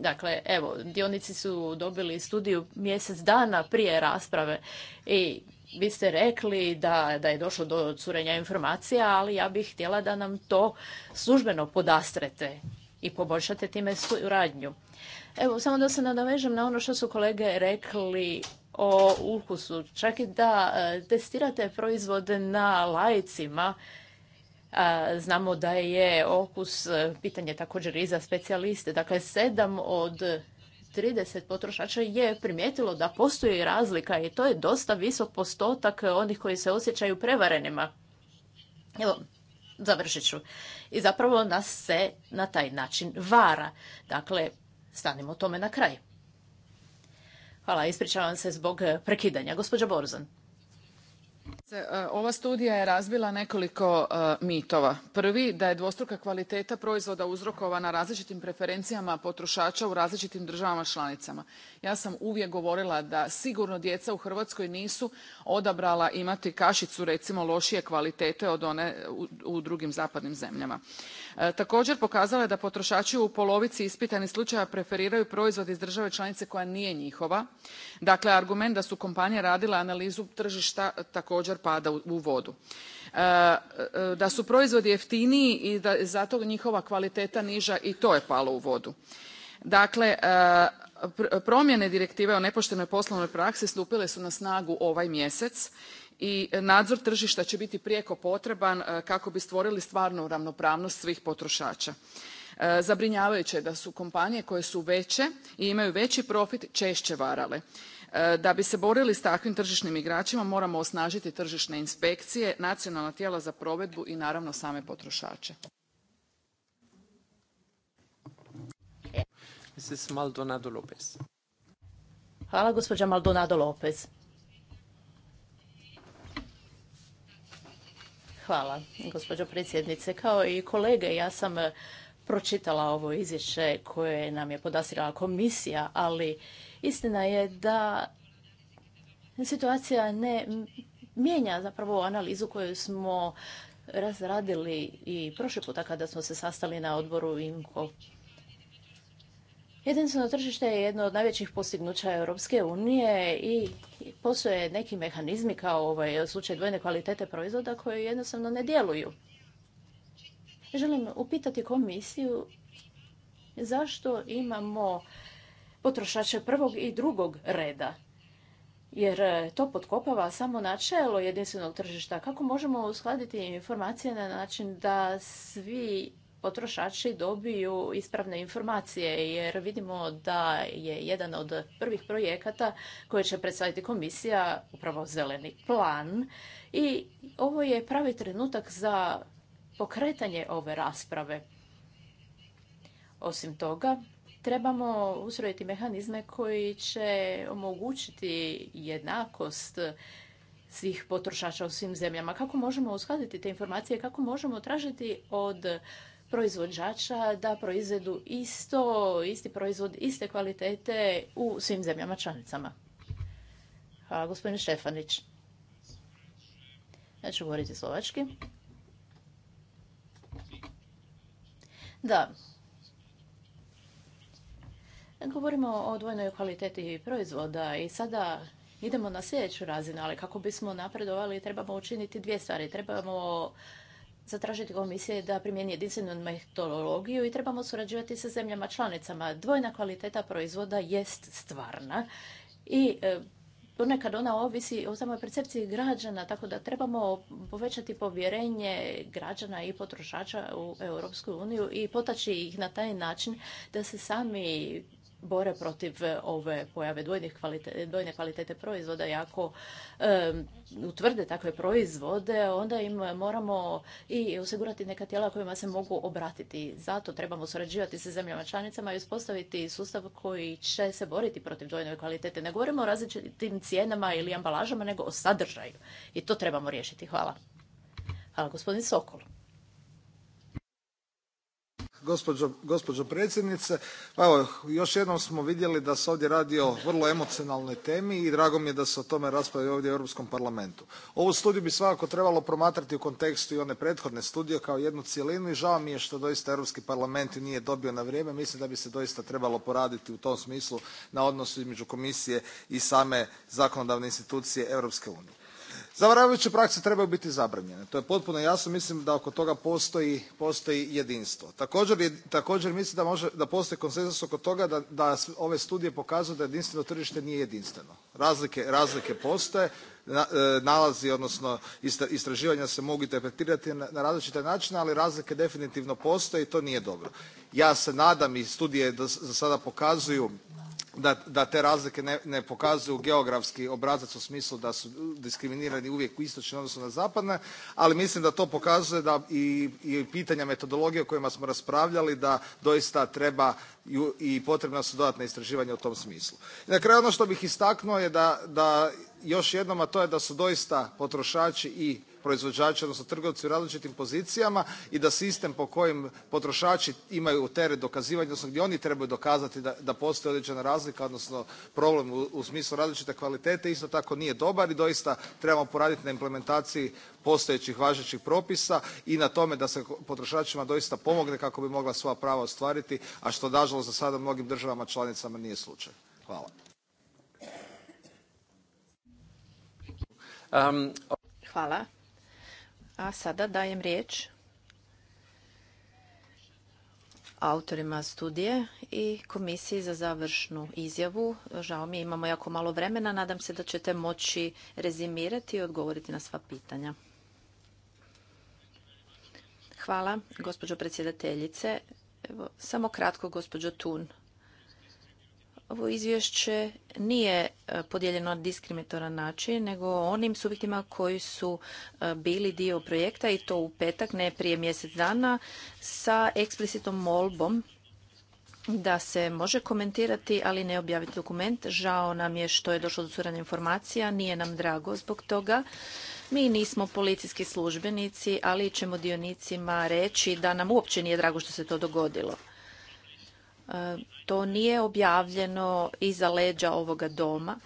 Dakle, evo, dionici su dobili studiju mjesec dana prije rasprave i vi ste rekli da, da je došlo do curenja informacija, ali ja bih htjela da nam to službeno podastrete i poboljšati time suradnju. Evo, samo da se nadovežem na ono što su kolege rekli o ukusu. Čak i da e, testirate proizvode na lajcima, e, znamo da je okus e, pitanje također i za specijaliste. Dakle, sedam od 30 potrošača je primijetilo da postoji razlika i to je dosta visok postotak onih koji se osjećaju prevarenima. Evo, završit ću. I zapravo nas se na taj način vara. Dakle, stanimo tome na kraj. Hvala, ispričavam se zbog prekidanja. Gospođa Borzan. E, ova studija je razbila nekoliko e, mitova. Prvi, da je dvostruka kvaliteta proizvoda uzrokovana različitim preferencijama potrošača u različitim državama članicama. Ja sam uvijek govorila da sigurno djeca u Hrvatskoj nisu odabrala imati kašicu recimo lošije kvalitete od one u, drugim zapadnim zemljama. E, također pokazala je da potrošači u polovici ispitanih slučajeva preferiraju proizvod iz države članice koja nije njihova Dakle, argument da su kompanije radile analizu tržišta također pada u vodu. E, e, da su proizvodi jeftiniji i da je zato njihova kvaliteta niža i to je palo u vodu. Dakle, e, promjene direktive o nepoštenoj poslovnoj praksi stupile su na snagu ovaj mjesec i nadzor tržišta će biti prijeko potreban kako bi stvorili stvarnu ravnopravnost svih potrošača. E, zabrinjavajuće je da su kompanije koje su veće i imaju veći profit češće varale. E, da bi se borili s takvim tržišnim igračima moramo osnažiti tržišne inspekcije, nacionalna tijela za provedbu i naravno same potrošače. Hvala, gospođa Maldonado Lopez. Hvala, gospođo predsjednice. Kao i kolege, ja sam pročitala ovo izvješće koje nam je podastirala komisija, ali istina je da situacija ne mijenja zapravo analizu koju smo razradili i prošli puta kada smo se sastali na odboru IMCO. Jedinstveno tržište je jedno od najvećih postignuća Europske unije i postoje neki mehanizmi kao ovaj slučaj dvojne kvalitete proizvoda koji jednostavno ne djeluju želim upitati komisiju zašto imamo potrošače prvog i drugog reda jer to potkopava samo načelo jedinstvenog tržišta. Kako možemo uskladiti informacije na način da svi potrošači dobiju ispravne informacije, jer vidimo da je jedan od prvih projekata koje će predstaviti komisija upravo zeleni plan i ovo je pravi trenutak za pokretanje ove rasprave. Osim toga, trebamo ustrojiti mehanizme koji će omogućiti jednakost svih potrošača u svim zemljama. Kako možemo uskladiti te informacije, kako možemo tražiti od proizvođača da proizvedu isto, isti proizvod, iste kvalitete u svim zemljama članicama. Hvala, gospodine Štefanić. Ja ću govoriti slovački. Da. Govorimo o dvojnoj kvaliteti proizvoda i sada idemo na sljedeću razinu, ali kako bismo napredovali trebamo učiniti dvije stvari. Trebamo zatražiti komisije da primjeni jedinstvenu metodologiju i trebamo surađivati sa zemljama članicama. Dvojna kvaliteta proizvoda jest stvarna i e, ponekad ona ovisi o samoj percepciji građana, tako da trebamo povećati povjerenje građana i potrošača u Europsku uniju i potaći ih na taj način da se sami bore protiv e, ove pojave dojne kvalitete, dvojne kvalitete proizvoda i ako e, utvrde takve proizvode, onda im moramo i osigurati neka tijela kojima se mogu obratiti. Zato trebamo surađivati sa zemljama članicama i uspostaviti sustav koji će se boriti protiv dvojne kvalitete. Ne govorimo o različitim cijenama ili ambalažama, nego o sadržaju. I to trebamo riješiti. Hvala. Hvala, gospodin Sokol gospođo, predsjednice pa još jednom smo vidjeli da se ovdje radi o vrlo emocionalnoj temi i drago mi je da se o tome raspravlja ovdje u europskom parlamentu. ovu studiju bi svakako trebalo promatrati u kontekstu i one prethodne studije kao jednu cjelinu i žao mi je što doista europski parlament nije dobio na vrijeme mislim da bi se doista trebalo poraditi u tom smislu na odnosu između komisije i same zakonodavne institucije europske unije. Zavaravajuće prakse trebaju biti zabranjene. To je potpuno jasno. Mislim da oko toga postoji, jedinstvo. Također, mislim da, da postoji konsenzus oko toga da, ove studije pokazuju da jedinstveno tržište nije jedinstveno. Razlike, postoje, e, nalazi, odnosno istraživanja se mogu interpretirati na različite načine, ali razlike definitivno postoje i to nije dobro. Ja se nadam i studije za sada pokazuju da, te razlike ne, pokazuju geografski obrazac u smislu da su diskriminirani uvijek u istočne odnosu na zapadne, ali mislim da to pokazuje da i, pitanja metodologije o kojima smo raspravljali da doista treba i potrebna su dodatna istraživanja u tom smislu. I na kraju ono što bih istaknuo je da, da još jednom, a to je da su doista potrošači i proizvođači, odnosno trgovci u različitim pozicijama i da sistem po kojem potrošači imaju teret dokazivanja, odnosno gdje oni trebaju dokazati da, postoji određena razlika, odnosno problem u, smislu različite kvalitete isto tako nije dobar i doista trebamo poraditi na implementaciji postojećih važećih propisa i na tome da se potrošačima doista pomogne kako bi mogla svoja prava ostvariti, a što nažalost za sada mnogim državama članicama nije slučaj. Hvala. Hvala. A sada dajem riječ autorima studije i komisiji za završnu izjavu. Žao mi je, imamo jako malo vremena. Nadam se da ćete moći rezimirati i odgovoriti na sva pitanja. Hvala, gospođo predsjedateljice. Evo, samo kratko, gospođo Tun. Ovo izvješće nije e, podijeljeno na diskriminatoran način, nego onim subjektima koji su e, bili dio projekta i to u petak, ne prije mjesec dana, sa eksplicitom molbom da se može komentirati, ali ne objaviti dokument. Žao nam je što je došlo do curanja informacija, nije nam drago zbog toga. Mi nismo policijski službenici, ali ćemo dionicima reći da nam uopće nije drago što se to dogodilo. E, to nije objavljeno iza leđa ovoga doma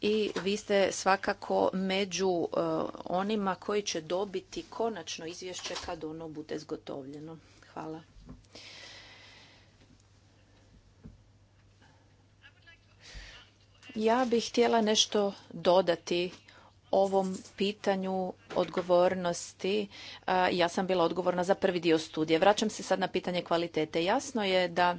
i vi ste svakako među e, onima koji će dobiti konačno izvješće kad ono bude zgotovljeno. Hvala. Ja bih htjela nešto dodati ovom pitanju odgovornosti. E, ja sam bila odgovorna za prvi dio studije. Vraćam se sad na pitanje kvalitete. Jasno je da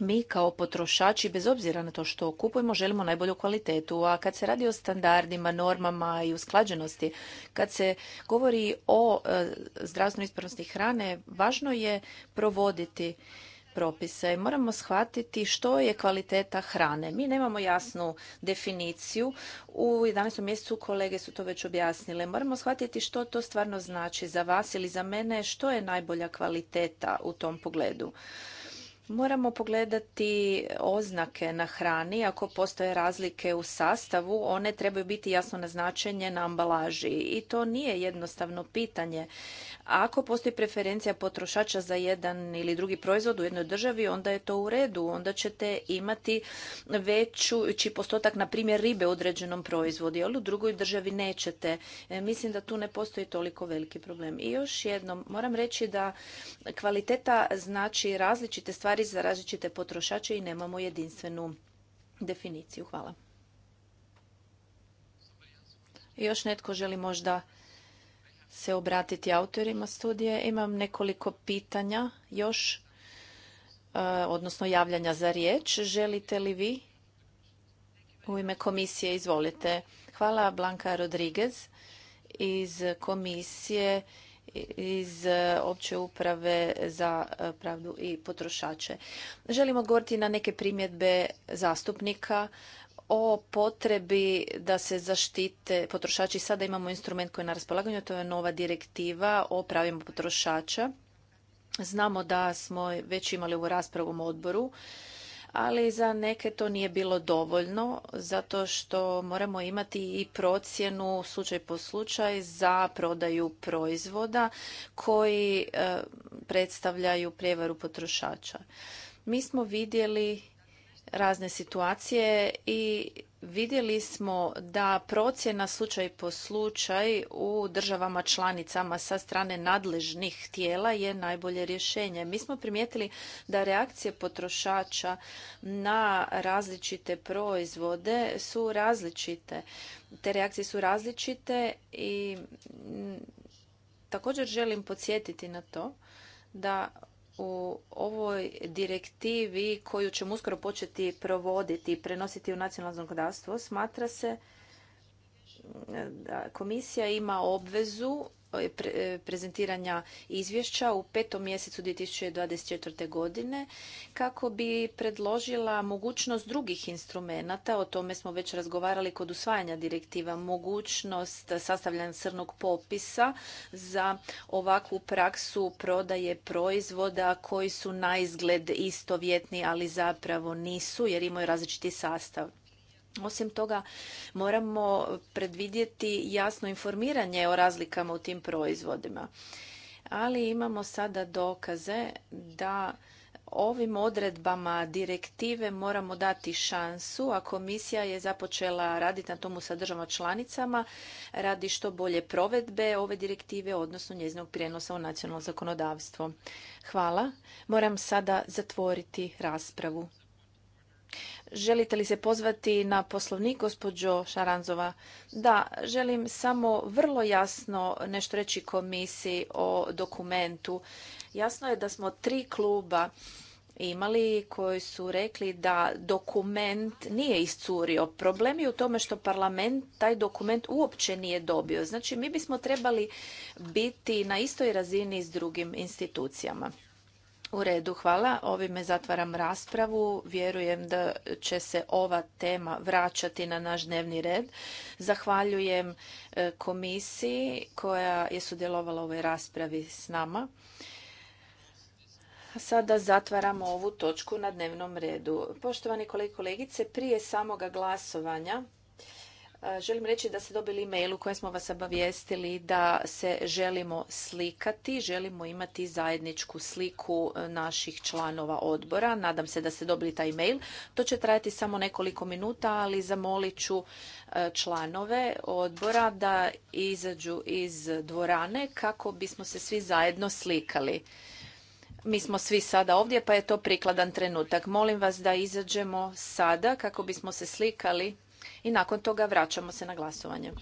mi kao potrošači, bez obzira na to što kupujemo, želimo najbolju kvalitetu. A kad se radi o standardima, normama i usklađenosti, kad se govori o e, zdravstvenoj ispravnosti hrane, važno je provoditi propise moramo shvatiti što je kvaliteta hrane. Mi nemamo jasnu definiciju. U 11. mjesecu kolege su to već objasnile. Moramo shvatiti što to stvarno znači za vas ili za mene, što je najbolja kvaliteta u tom pogledu. Moramo pogledati oznake na hrani. Ako postoje razlike u sastavu, one trebaju biti jasno naznačenje na ambalaži. I to nije jednostavno pitanje. Ako postoji preferencija potrošača za jedan ili drugi proizvod u jednoj državi, onda je to u redu. Onda ćete imati veći postotak, na primjer, ribe u određenom proizvodu, ali u drugoj državi nećete. E, mislim da tu ne postoji toliko veliki problem. I još jednom, moram reći da kvaliteta znači različite stvari stvari za različite potrošače i nemamo jedinstvenu definiciju. Hvala. Još netko želi možda se obratiti autorima studije. Imam nekoliko pitanja još, e, odnosno javljanja za riječ. Želite li vi? U ime komisije, izvolite. Hvala Blanka Rodriguez iz komisije iz e, opće uprave za e, pravdu i potrošače. Želimo odgovoriti na neke primjedbe zastupnika o potrebi da se zaštite potrošači. Sada imamo instrument koji je na raspolaganju, to je nova direktiva o pravima potrošača. Znamo da smo već imali ovu raspravu u odboru ali za neke to nije bilo dovoljno zato što moramo imati i procjenu slučaj po slučaj za prodaju proizvoda koji e, predstavljaju prijevaru potrošača. Mi smo vidjeli razne situacije i vidjeli smo da procjena slučaj po slučaj u državama članicama sa strane nadležnih tijela je najbolje rješenje. Mi smo primijetili da reakcije potrošača na različite proizvode su različite. Te reakcije su različite i također želim podsjetiti na to da u ovoj direktivi koju ćemo uskoro početi provoditi i prenositi u nacionalno zakonodavstvo smatra se da komisija ima obvezu E, e, prezentiranja izvješća u petom mjesecu 2024. godine kako bi predložila mogućnost drugih instrumenata, o tome smo već razgovarali kod usvajanja direktiva, mogućnost sastavljanja crnog popisa za ovakvu praksu prodaje proizvoda koji su na izgled istovjetni, ali zapravo nisu jer imaju različiti sastav. Osim toga, moramo predvidjeti jasno informiranje o razlikama u tim proizvodima. Ali imamo sada dokaze da ovim odredbama direktive moramo dati šansu, a komisija je započela raditi na tomu sa državama članicama radi što bolje provedbe ove direktive, odnosno njezinog prijenosa u nacionalno zakonodavstvo. Hvala. Moram sada zatvoriti raspravu. Želite li se pozvati na poslovnik, gospođo Šaranzova? Da, želim samo vrlo jasno nešto reći komisiji o dokumentu. Jasno je da smo tri kluba imali koji su rekli da dokument nije iscurio. Problem je u tome što parlament taj dokument uopće nije dobio. Znači mi bismo trebali biti na istoj razini s drugim institucijama. U redu, hvala. Ovime zatvaram raspravu. Vjerujem da će se ova tema vraćati na naš dnevni red. Zahvaljujem e, komisiji koja je sudjelovala u ovoj raspravi s nama. Sada zatvaramo ovu točku na dnevnom redu. Poštovani kolegi i kolegice, prije samoga glasovanja Želim reći da ste dobili e-mail u kojem smo vas obavijestili da se želimo slikati, želimo imati zajedničku sliku e, naših članova odbora. Nadam se da ste dobili taj e-mail. To će trajati samo nekoliko minuta, ali zamolit ću e, članove odbora da izađu iz dvorane kako bismo se svi zajedno slikali. Mi smo svi sada ovdje pa je to prikladan trenutak. Molim vas da izađemo sada kako bismo se slikali i nakon toga vraćamo se na glasovanje.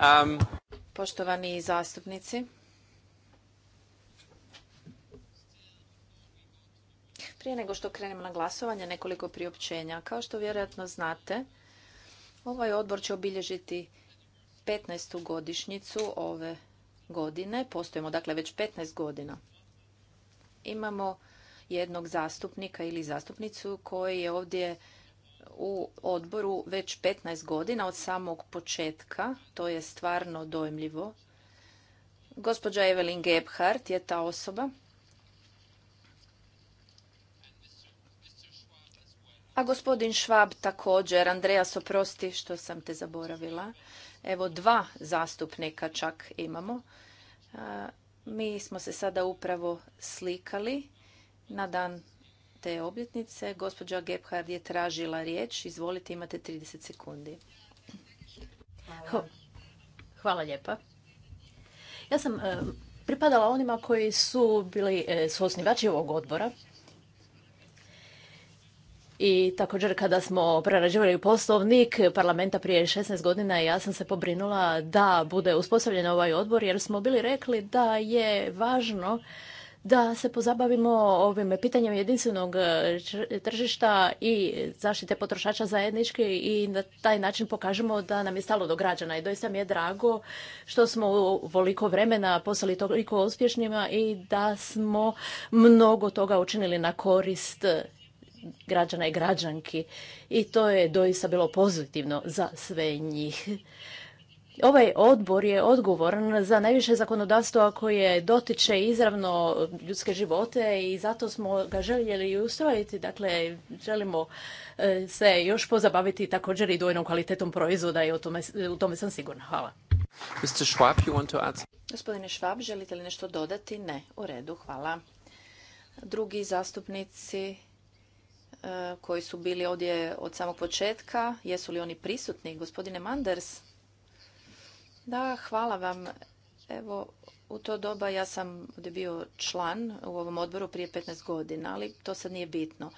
Um, Poštovani zastupnici, prije nego što krenemo na glasovanje, nekoliko priopćenja. Kao što vjerojatno znate, ovaj odbor će obilježiti 15. godišnjicu ove godine. Postojimo dakle već 15 godina. Imamo jednog zastupnika ili zastupnicu koji je ovdje u odboru već 15 godina od samog početka. To je stvarno dojmljivo. Gospođa Evelyn Gebhardt je ta osoba. A gospodin Švab također. Andreas, oprosti što sam te zaboravila. Evo dva zastupnika čak imamo. Mi smo se sada upravo slikali na dan te obljetnice. Gospođa Gebhard je tražila riječ. Izvolite, imate 30 sekundi. Hvala, lijepa. Ja sam e, pripadala onima koji su bili e, suosnivači ovog odbora. I također kada smo prerađivali poslovnik parlamenta prije 16 godina, ja sam se pobrinula da bude uspostavljen ovaj odbor jer smo bili rekli da je važno da se pozabavimo ovim pitanjem jedinstvenog e, tržišta i zaštite potrošača zajednički i na taj način pokažemo da nam je stalo do građana. I doista mi je drago što smo u voliko vremena postali toliko uspješnima i da smo mnogo toga učinili na korist građana i građanki. I to je doista bilo pozitivno za sve njih. Ovaj odbor je odgovoran za najviše zakonodavstvo koje dotiče izravno ljudske živote i zato smo ga željeli ustrojiti. Dakle, želimo e, se još pozabaviti također i dojnom kvalitetom proizvoda i u tome, sam sigurna. Hvala. Schwab, Gospodine Schwab, želite li nešto dodati? Ne, u redu, hvala. Drugi zastupnici e, koji su bili ovdje od samog početka, jesu li oni prisutni? Gospodine Manders? Da, hvala vam. Evo, u to doba ja sam ovdje bio član u ovom odboru prije 15 godina, ali to sad nije bitno.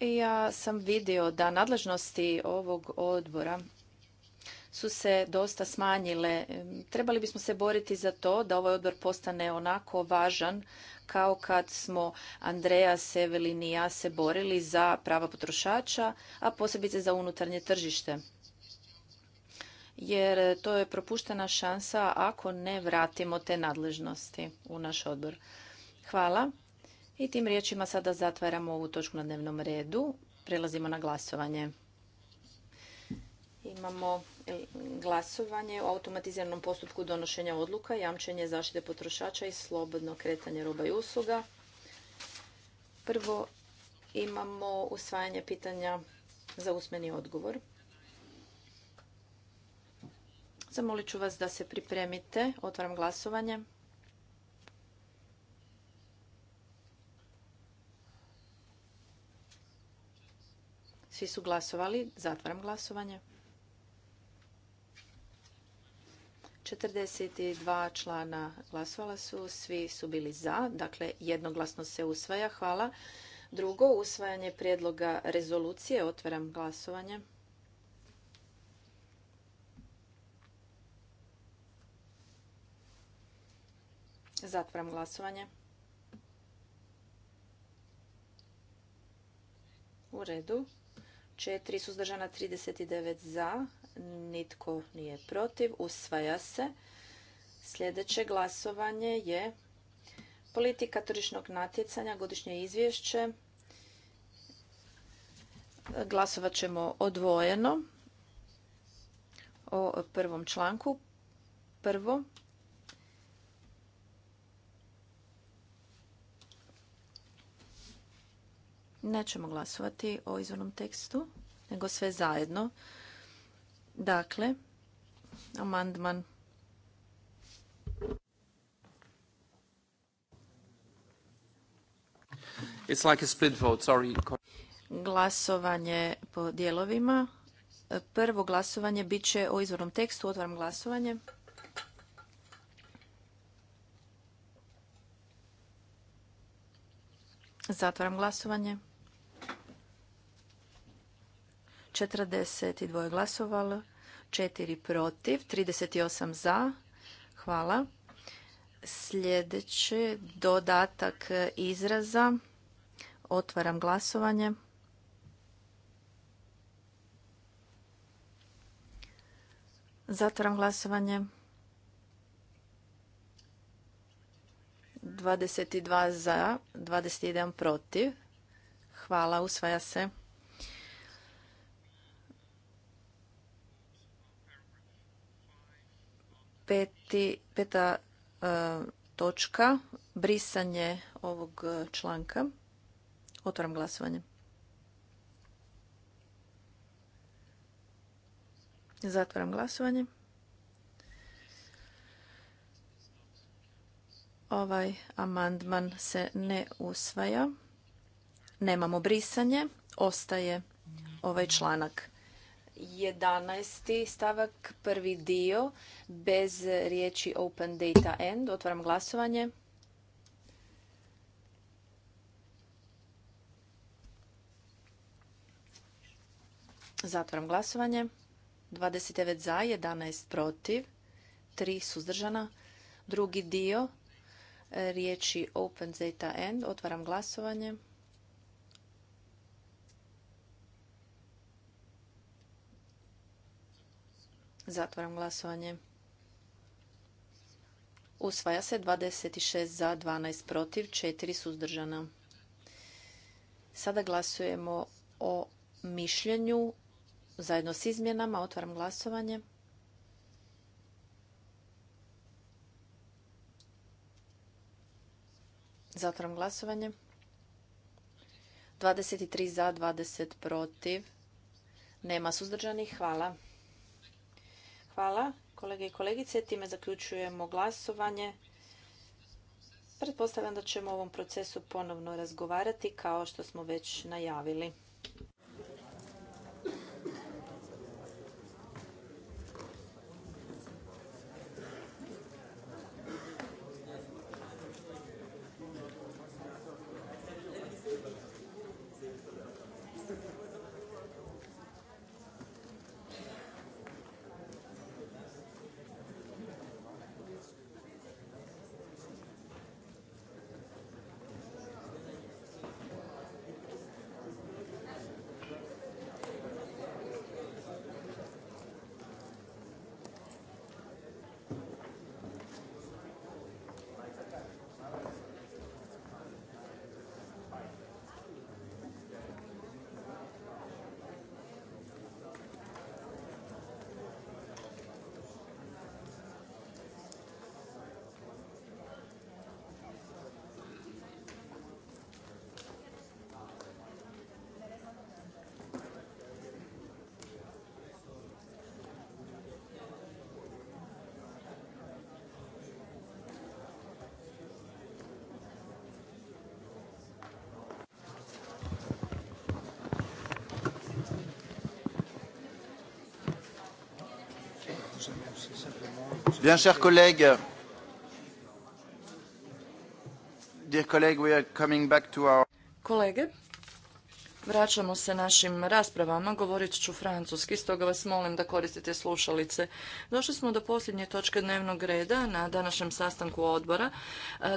Ja sam vidio da nadležnosti ovog odbora su se dosta smanjile. Trebali bismo se boriti za to da ovaj odbor postane onako važan kao kad smo Andreja, Sevelin i ja se borili za prava potrošača, a posebice za unutarnje tržište jer to je propuštena šansa ako ne vratimo te nadležnosti u naš odbor. Hvala. I tim riječima sada zatvaramo ovu točku na dnevnom redu. Prelazimo na glasovanje. Imamo e, glasovanje o automatiziranom postupku donošenja odluka, jamčenje zaštite potrošača i slobodno kretanje roba i usluga. Prvo imamo usvajanje pitanja za usmeni odgovor. Zamolit ću vas da se pripremite. Otvaram glasovanje. Svi su glasovali. Zatvaram glasovanje. 42 člana glasovala su, svi su bili za, dakle jednoglasno se usvaja. Hvala. Drugo, usvajanje prijedloga rezolucije. Otvaram glasovanje. Zatvaram glasovanje. U redu. 4 suzdržana 39 za, nitko nije protiv, usvaja se. Sljedeće glasovanje je politika tržišnog natjecanja, godišnje izvješće. Glasovat ćemo odvojeno o prvom članku. Prvo, Nećemo glasovati o izvornom tekstu, nego sve zajedno. Dakle, amandman It's like a split vote, sorry. Glasovanje po dijelovima. Prvo glasovanje bit će o izvornom tekstu. Otvaram glasovanje. Zatvaram glasovanje. 42 glasovalo, 4 protiv, 38 za. Hvala. Sljedeći dodatak izraza. Otvaram glasovanje. Zatvaram glasovanje. 22 za, 21 protiv. Hvala, usvaja se. peta e, točka, brisanje ovog e, članka. Otvaram glasovanje. Zatvaram glasovanje. Ovaj amandman se ne usvaja. Nemamo brisanje. Ostaje ovaj članak. 11. stavak, prvi dio, bez riječi open data end. Otvaram glasovanje. Zatvaram glasovanje. 29 za, 11 protiv, 3 suzdržana. Drugi dio, riječi open data end. Otvaram glasovanje. Zatvaram glasovanje. Usvaja se 26 za, 12 protiv, 4 suzdržana. Sada glasujemo o mišljenju zajedno s izmjenama. Otvaram glasovanje. Zatvaram glasovanje. 23 za, 20 protiv. Nema suzdržanih. Hvala. Hvala kolege i kolegice. Time zaključujemo glasovanje. Pretpostavljam da ćemo o ovom procesu ponovno razgovarati kao što smo već najavili. Bien, dear we are coming back to our... Kolege, vraćamo se našim raspravama, govorit ću francuski, stoga vas molim da koristite slušalice. Došli smo do posljednje točke dnevnog reda na današnjem sastanku odbora.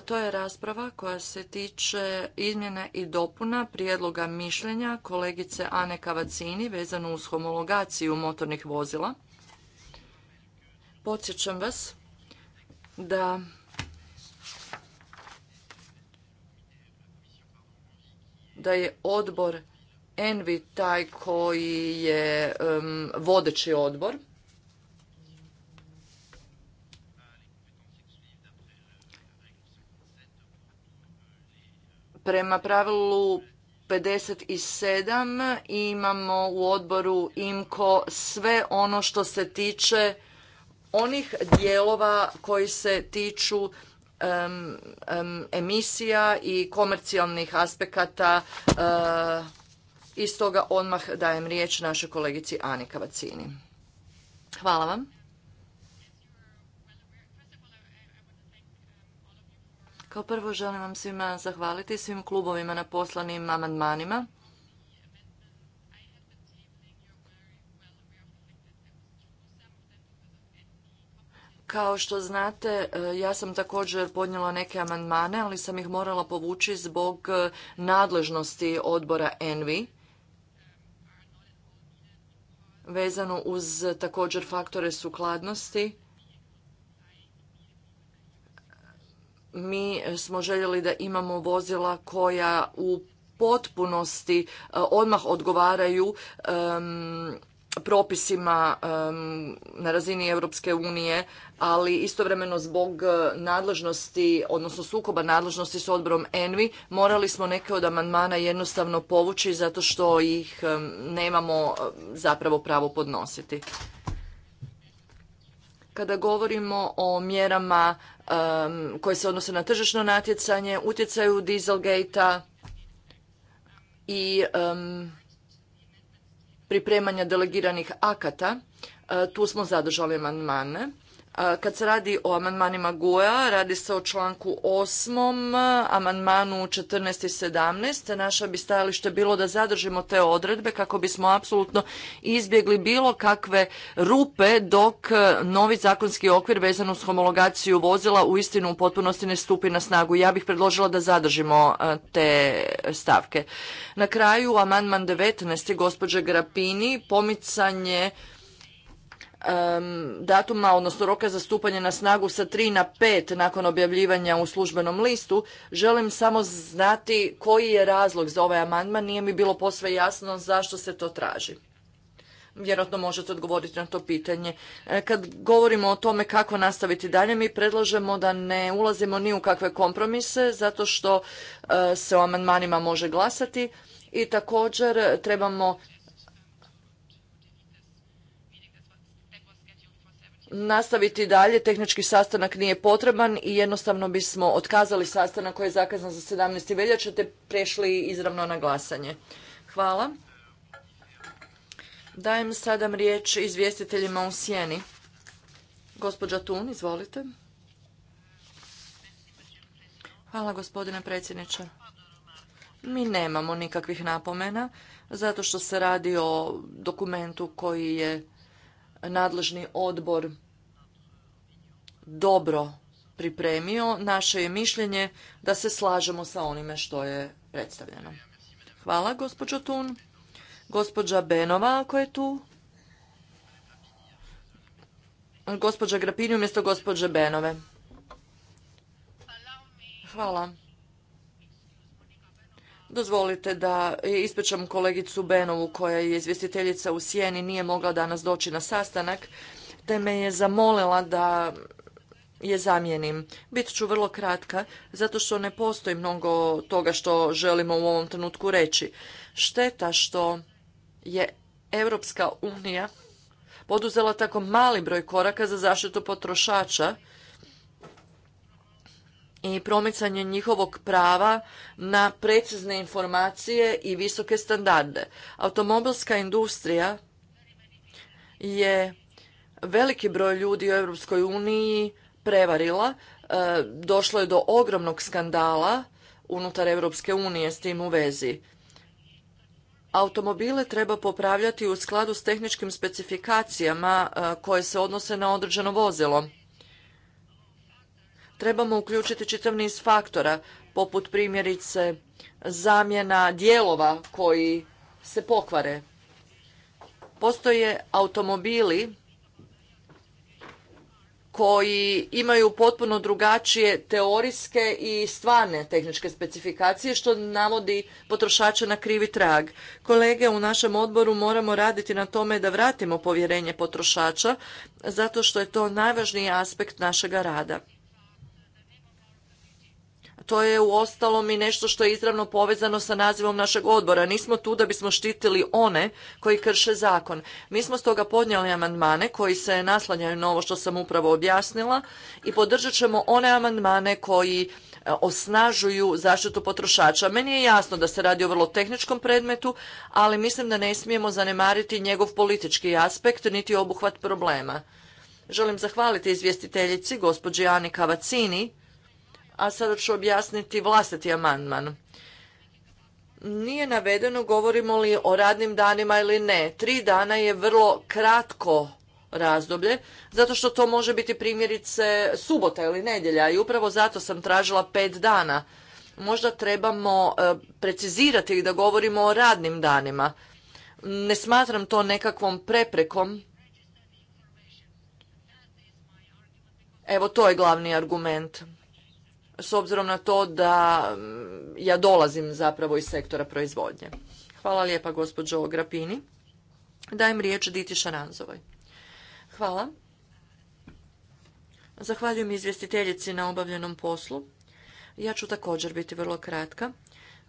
To je rasprava koja se tiče izmjena i dopuna prijedloga mišljenja kolegice Ane Kavacini vezano uz homologaciju motornih vozila. Podsjećam vas da da je odbor Envi taj koji je vodeći odbor. Prema pravilu 57 imamo u odboru IMKO sve ono što se tiče onih dijelova koji se tiču emisija i komercijalnih aspekata eh, i stoga odmah dajem riječ našoj kolegici Ani Kavacini. Hvala vam. Kao prvo želim vam svima zahvaliti, svim klubovima na poslanim amandmanima. Kao što znate, e, ja sam također podnijela neke amandmane, ali sam ih morala povući zbog e, nadležnosti odbora ENVI vezano uz također faktore sukladnosti. Mi smo željeli da imamo vozila koja u potpunosti e, odmah odgovaraju propisima na razini Europske unije, ali istovremeno zbog eh, nadležnosti, odnosno sukoba nadležnosti s odborom ENVI, morali smo neke od amandmana jednostavno povući zato što ih nemamo eh, zapravo pravo podnositi. Kada govorimo o mjerama koje se odnose na tržišno natjecanje, utjecaju dieselgate i pripremanja delegiranih akata, e, tu smo zadržali amandmane kad se radi o amandmanima GUA, radi se o članku 8, amandmanu 14 i 17. Naša bi stajalište bilo da zadržimo te odredbe kako bismo apsolutno izbjegli bilo kakve rupe dok novi zakonski okvir vezan uz homologaciju vozila u istinu u potpunosti ne stupi na snagu. Ja bih predložila da zadržimo e, te stavke. Na kraju, amandman 19. gospođe Grapini, pomicanje datuma, odnosno roka za stupanje na snagu sa 3 na 5 nakon objavljivanja u službenom listu, želim samo znati koji je razlog za ovaj amandman, nije mi bilo posve jasno zašto se to traži. Vjerojatno možete odgovoriti na to pitanje. E, kad govorimo o tome kako nastaviti dalje, mi predlažemo da ne ulazimo ni u kakve kompromise, zato što e, se o amandmanima može glasati i također trebamo nastaviti dalje, tehnički sastanak nije potreban i jednostavno bismo otkazali sastanak koji je zakazan za 17. veljače te prešli izravno na glasanje. Hvala. Dajem sada riječ izvjestiteljima u sjeni. Gospođa Tun, izvolite. Hvala gospodine predsjedniče. Mi nemamo nikakvih napomena zato što se radi o dokumentu koji je nadležni odbor dobro pripremio. Naše je mišljenje da se slažemo sa onime što je predstavljeno. Hvala, gospođo Tun. Gospođa Benova, ako je tu. Gospođa Grapini umjesto gospođe Benove. Hvala. Dozvolite da ispričam kolegicu Benovu koja je izvjestiteljica u Sjeni, nije mogla danas doći na sastanak, te me je zamolila da je zamijenim. Bit ću vrlo kratka, zato što ne postoji mnogo toga što želimo u ovom trenutku reći. Šteta što je Europska unija poduzela tako mali broj koraka za zaštitu potrošača i promicanje njihovog prava na precizne informacije i visoke standarde. Automobilska industrija je veliki broj ljudi u Europskoj uniji prevarila, e, došlo je do ogromnog skandala unutar Europske unije s tim u vezi. Automobile treba popravljati u skladu s tehničkim specifikacijama e, koje se odnose na određeno vozilo trebamo uključiti čitav niz faktora, poput primjerice zamjena dijelova koji se pokvare. Postoje automobili koji imaju potpuno drugačije teorijske i stvarne tehničke specifikacije što navodi potrošače na krivi trag. Kolege u našem odboru moramo raditi na tome da vratimo povjerenje potrošača zato što je to najvažniji aspekt našega rada to je uostalom i nešto što je izravno povezano sa nazivom našeg odbora. Nismo tu da bismo štitili one koji krše zakon. Mi smo stoga podnijeli amandmane koji se naslanjaju na ovo što sam upravo objasnila i podržat ćemo one amandmane koji e, osnažuju zaštitu potrošača. Meni je jasno da se radi o vrlo tehničkom predmetu, ali mislim da ne smijemo zanemariti njegov politički aspekt niti obuhvat problema. Želim zahvaliti izvjestiteljici gospođi Ani Kavacini a sada ću objasniti vlastiti amandman. Nije navedeno govorimo li o radnim danima ili ne. Tri dana je vrlo kratko razdoblje, zato što to može biti primjerice subota ili nedjelja i upravo zato sam tražila pet dana. Možda trebamo e, precizirati da govorimo o radnim danima. Ne smatram to nekakvom preprekom. Evo to je glavni argument s obzirom na to da mm, ja dolazim zapravo iz sektora proizvodnje. Hvala lijepa gospođo Grapini. Dajem riječ Diti Šaranzovoj. Hvala. Zahvaljujem izvjestiteljici na obavljenom poslu. Ja ću također biti vrlo kratka.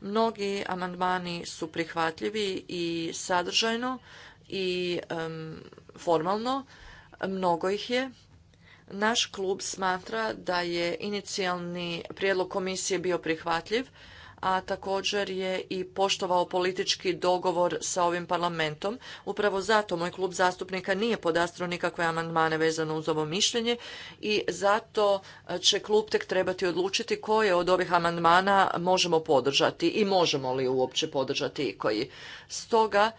Mnogi amandmani su prihvatljivi i sadržajno i formalno. Mnogo ih je naš klub smatra da je inicijalni prijedlog komisije bio prihvatljiv, a također je i poštovao politički dogovor sa ovim parlamentom. Upravo zato moj klub zastupnika nije podastro nikakve amandmane vezano uz ovo mišljenje i zato će klub tek trebati odlučiti koje od ovih amandmana možemo podržati i možemo li uopće podržati i koji. Stoga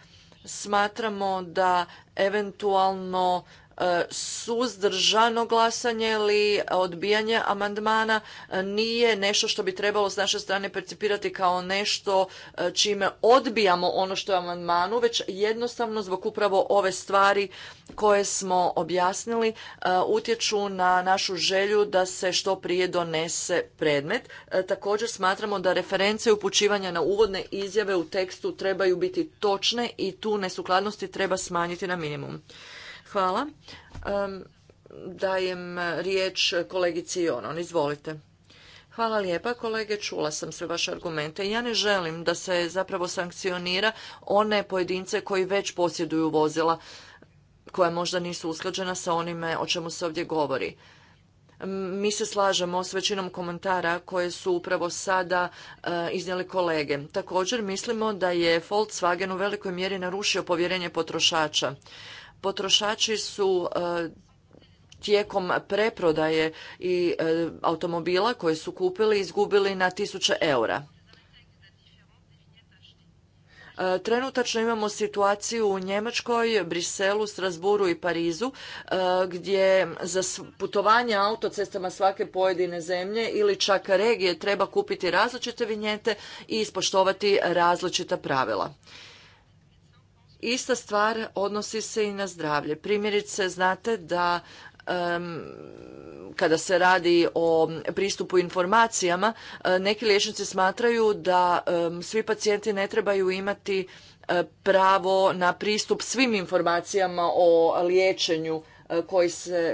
smatramo da eventualno E, suzdržano glasanje ili odbijanje amandmana e, nije nešto što bi trebalo s naše strane percipirati kao nešto e, čime odbijamo ono što je amandmanu, već jednostavno zbog upravo ove stvari koje smo objasnili utječu na našu želju da se što prije donese predmet. Također smatramo da reference upućivanja na uvodne izjave u tekstu trebaju biti točne i tu nesukladnosti treba smanjiti na minimum. Hvala. Dajem riječ kolegici Jonon. Izvolite. Hvala lijepa kolege, čula sam sve vaše argumente. Ja ne želim da se zapravo sankcionira one pojedince koji već posjeduju vozila koja možda nisu usklađena sa onime o čemu se ovdje govori. Mi se slažemo s većinom komentara koje su upravo sada e, iznijeli kolege. Također mislimo da je Volkswagen u velikoj mjeri narušio povjerenje potrošača. Potrošači su e, tijekom preprodaje i e, automobila koje su kupili izgubili na tisuće eura. E, trenutačno imamo situaciju u Njemačkoj, Briselu, Strasburu i Parizu gdje za putovanje autocestama svake pojedine zemlje ili čak regije treba kupiti različite vinjete i ispoštovati različita pravila. Ista stvar odnosi se i na zdravlje. Primjerice, znate da kada se radi o pristupu informacijama, e, neki liječnici smatraju da svi pacijenti ne trebaju imati e, pravo na pristup svim informacijama o liječenju E, koji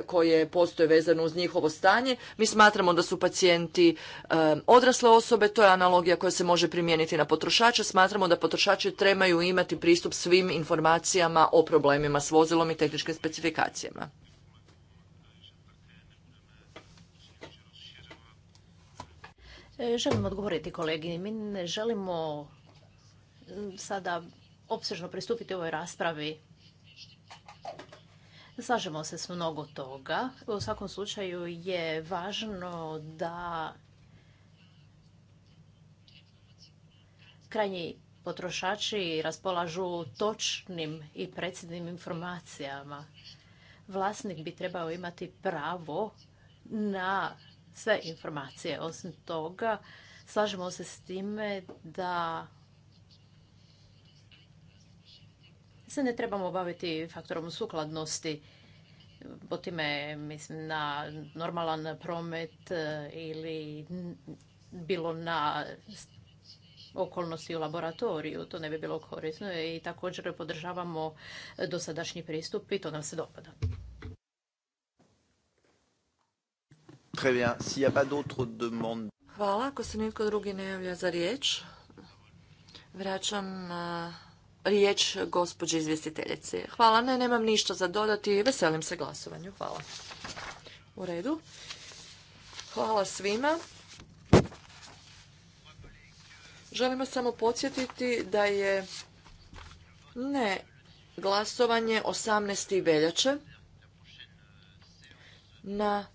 koje postoje vezano uz njihovo stanje. Mi smatramo da su pacijenti e, odrasle osobe, to je analogija koja se može primijeniti na potrošače. Smatramo da potrošači trebaju imati pristup svim informacijama o problemima s vozilom i tehničkim specifikacijama. E, želim odgovoriti kolegi. Mi ne želimo sada opsežno pristupiti ovoj raspravi Slažemo se s mnogo toga. U svakom slučaju je važno da krajnji potrošači raspolažu točnim i preciznim informacijama. Vlasnik bi trebao imati pravo na sve informacije. Osim toga, slažemo se s time da se ne trebamo baviti faktorom sukladnosti po time mislim na normalan promet e, ili bilo na okolnosti u laboratoriju, to ne bi bilo korisno i također podržavamo dosadašnji pristup i to nam se dopada. Hvala, ako se nitko drugi ne javlja za riječ, vraćam riječ gospođi izvjestiteljice. Hvala, ne, nemam ništa za dodati veselim se glasovanju. Hvala. U redu. Hvala svima. Želimo samo podsjetiti da je ne glasovanje 18. veljače na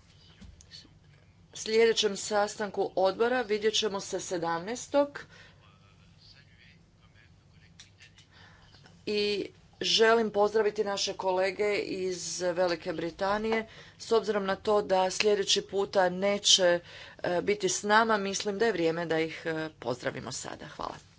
sljedećem sastanku odbora vidjet ćemo se 17. i želim pozdraviti naše kolege iz Velike Britanije. S obzirom na to da sljedeći puta neće e, biti s nama, mislim da je vrijeme da ih e, pozdravimo sada. Hvala.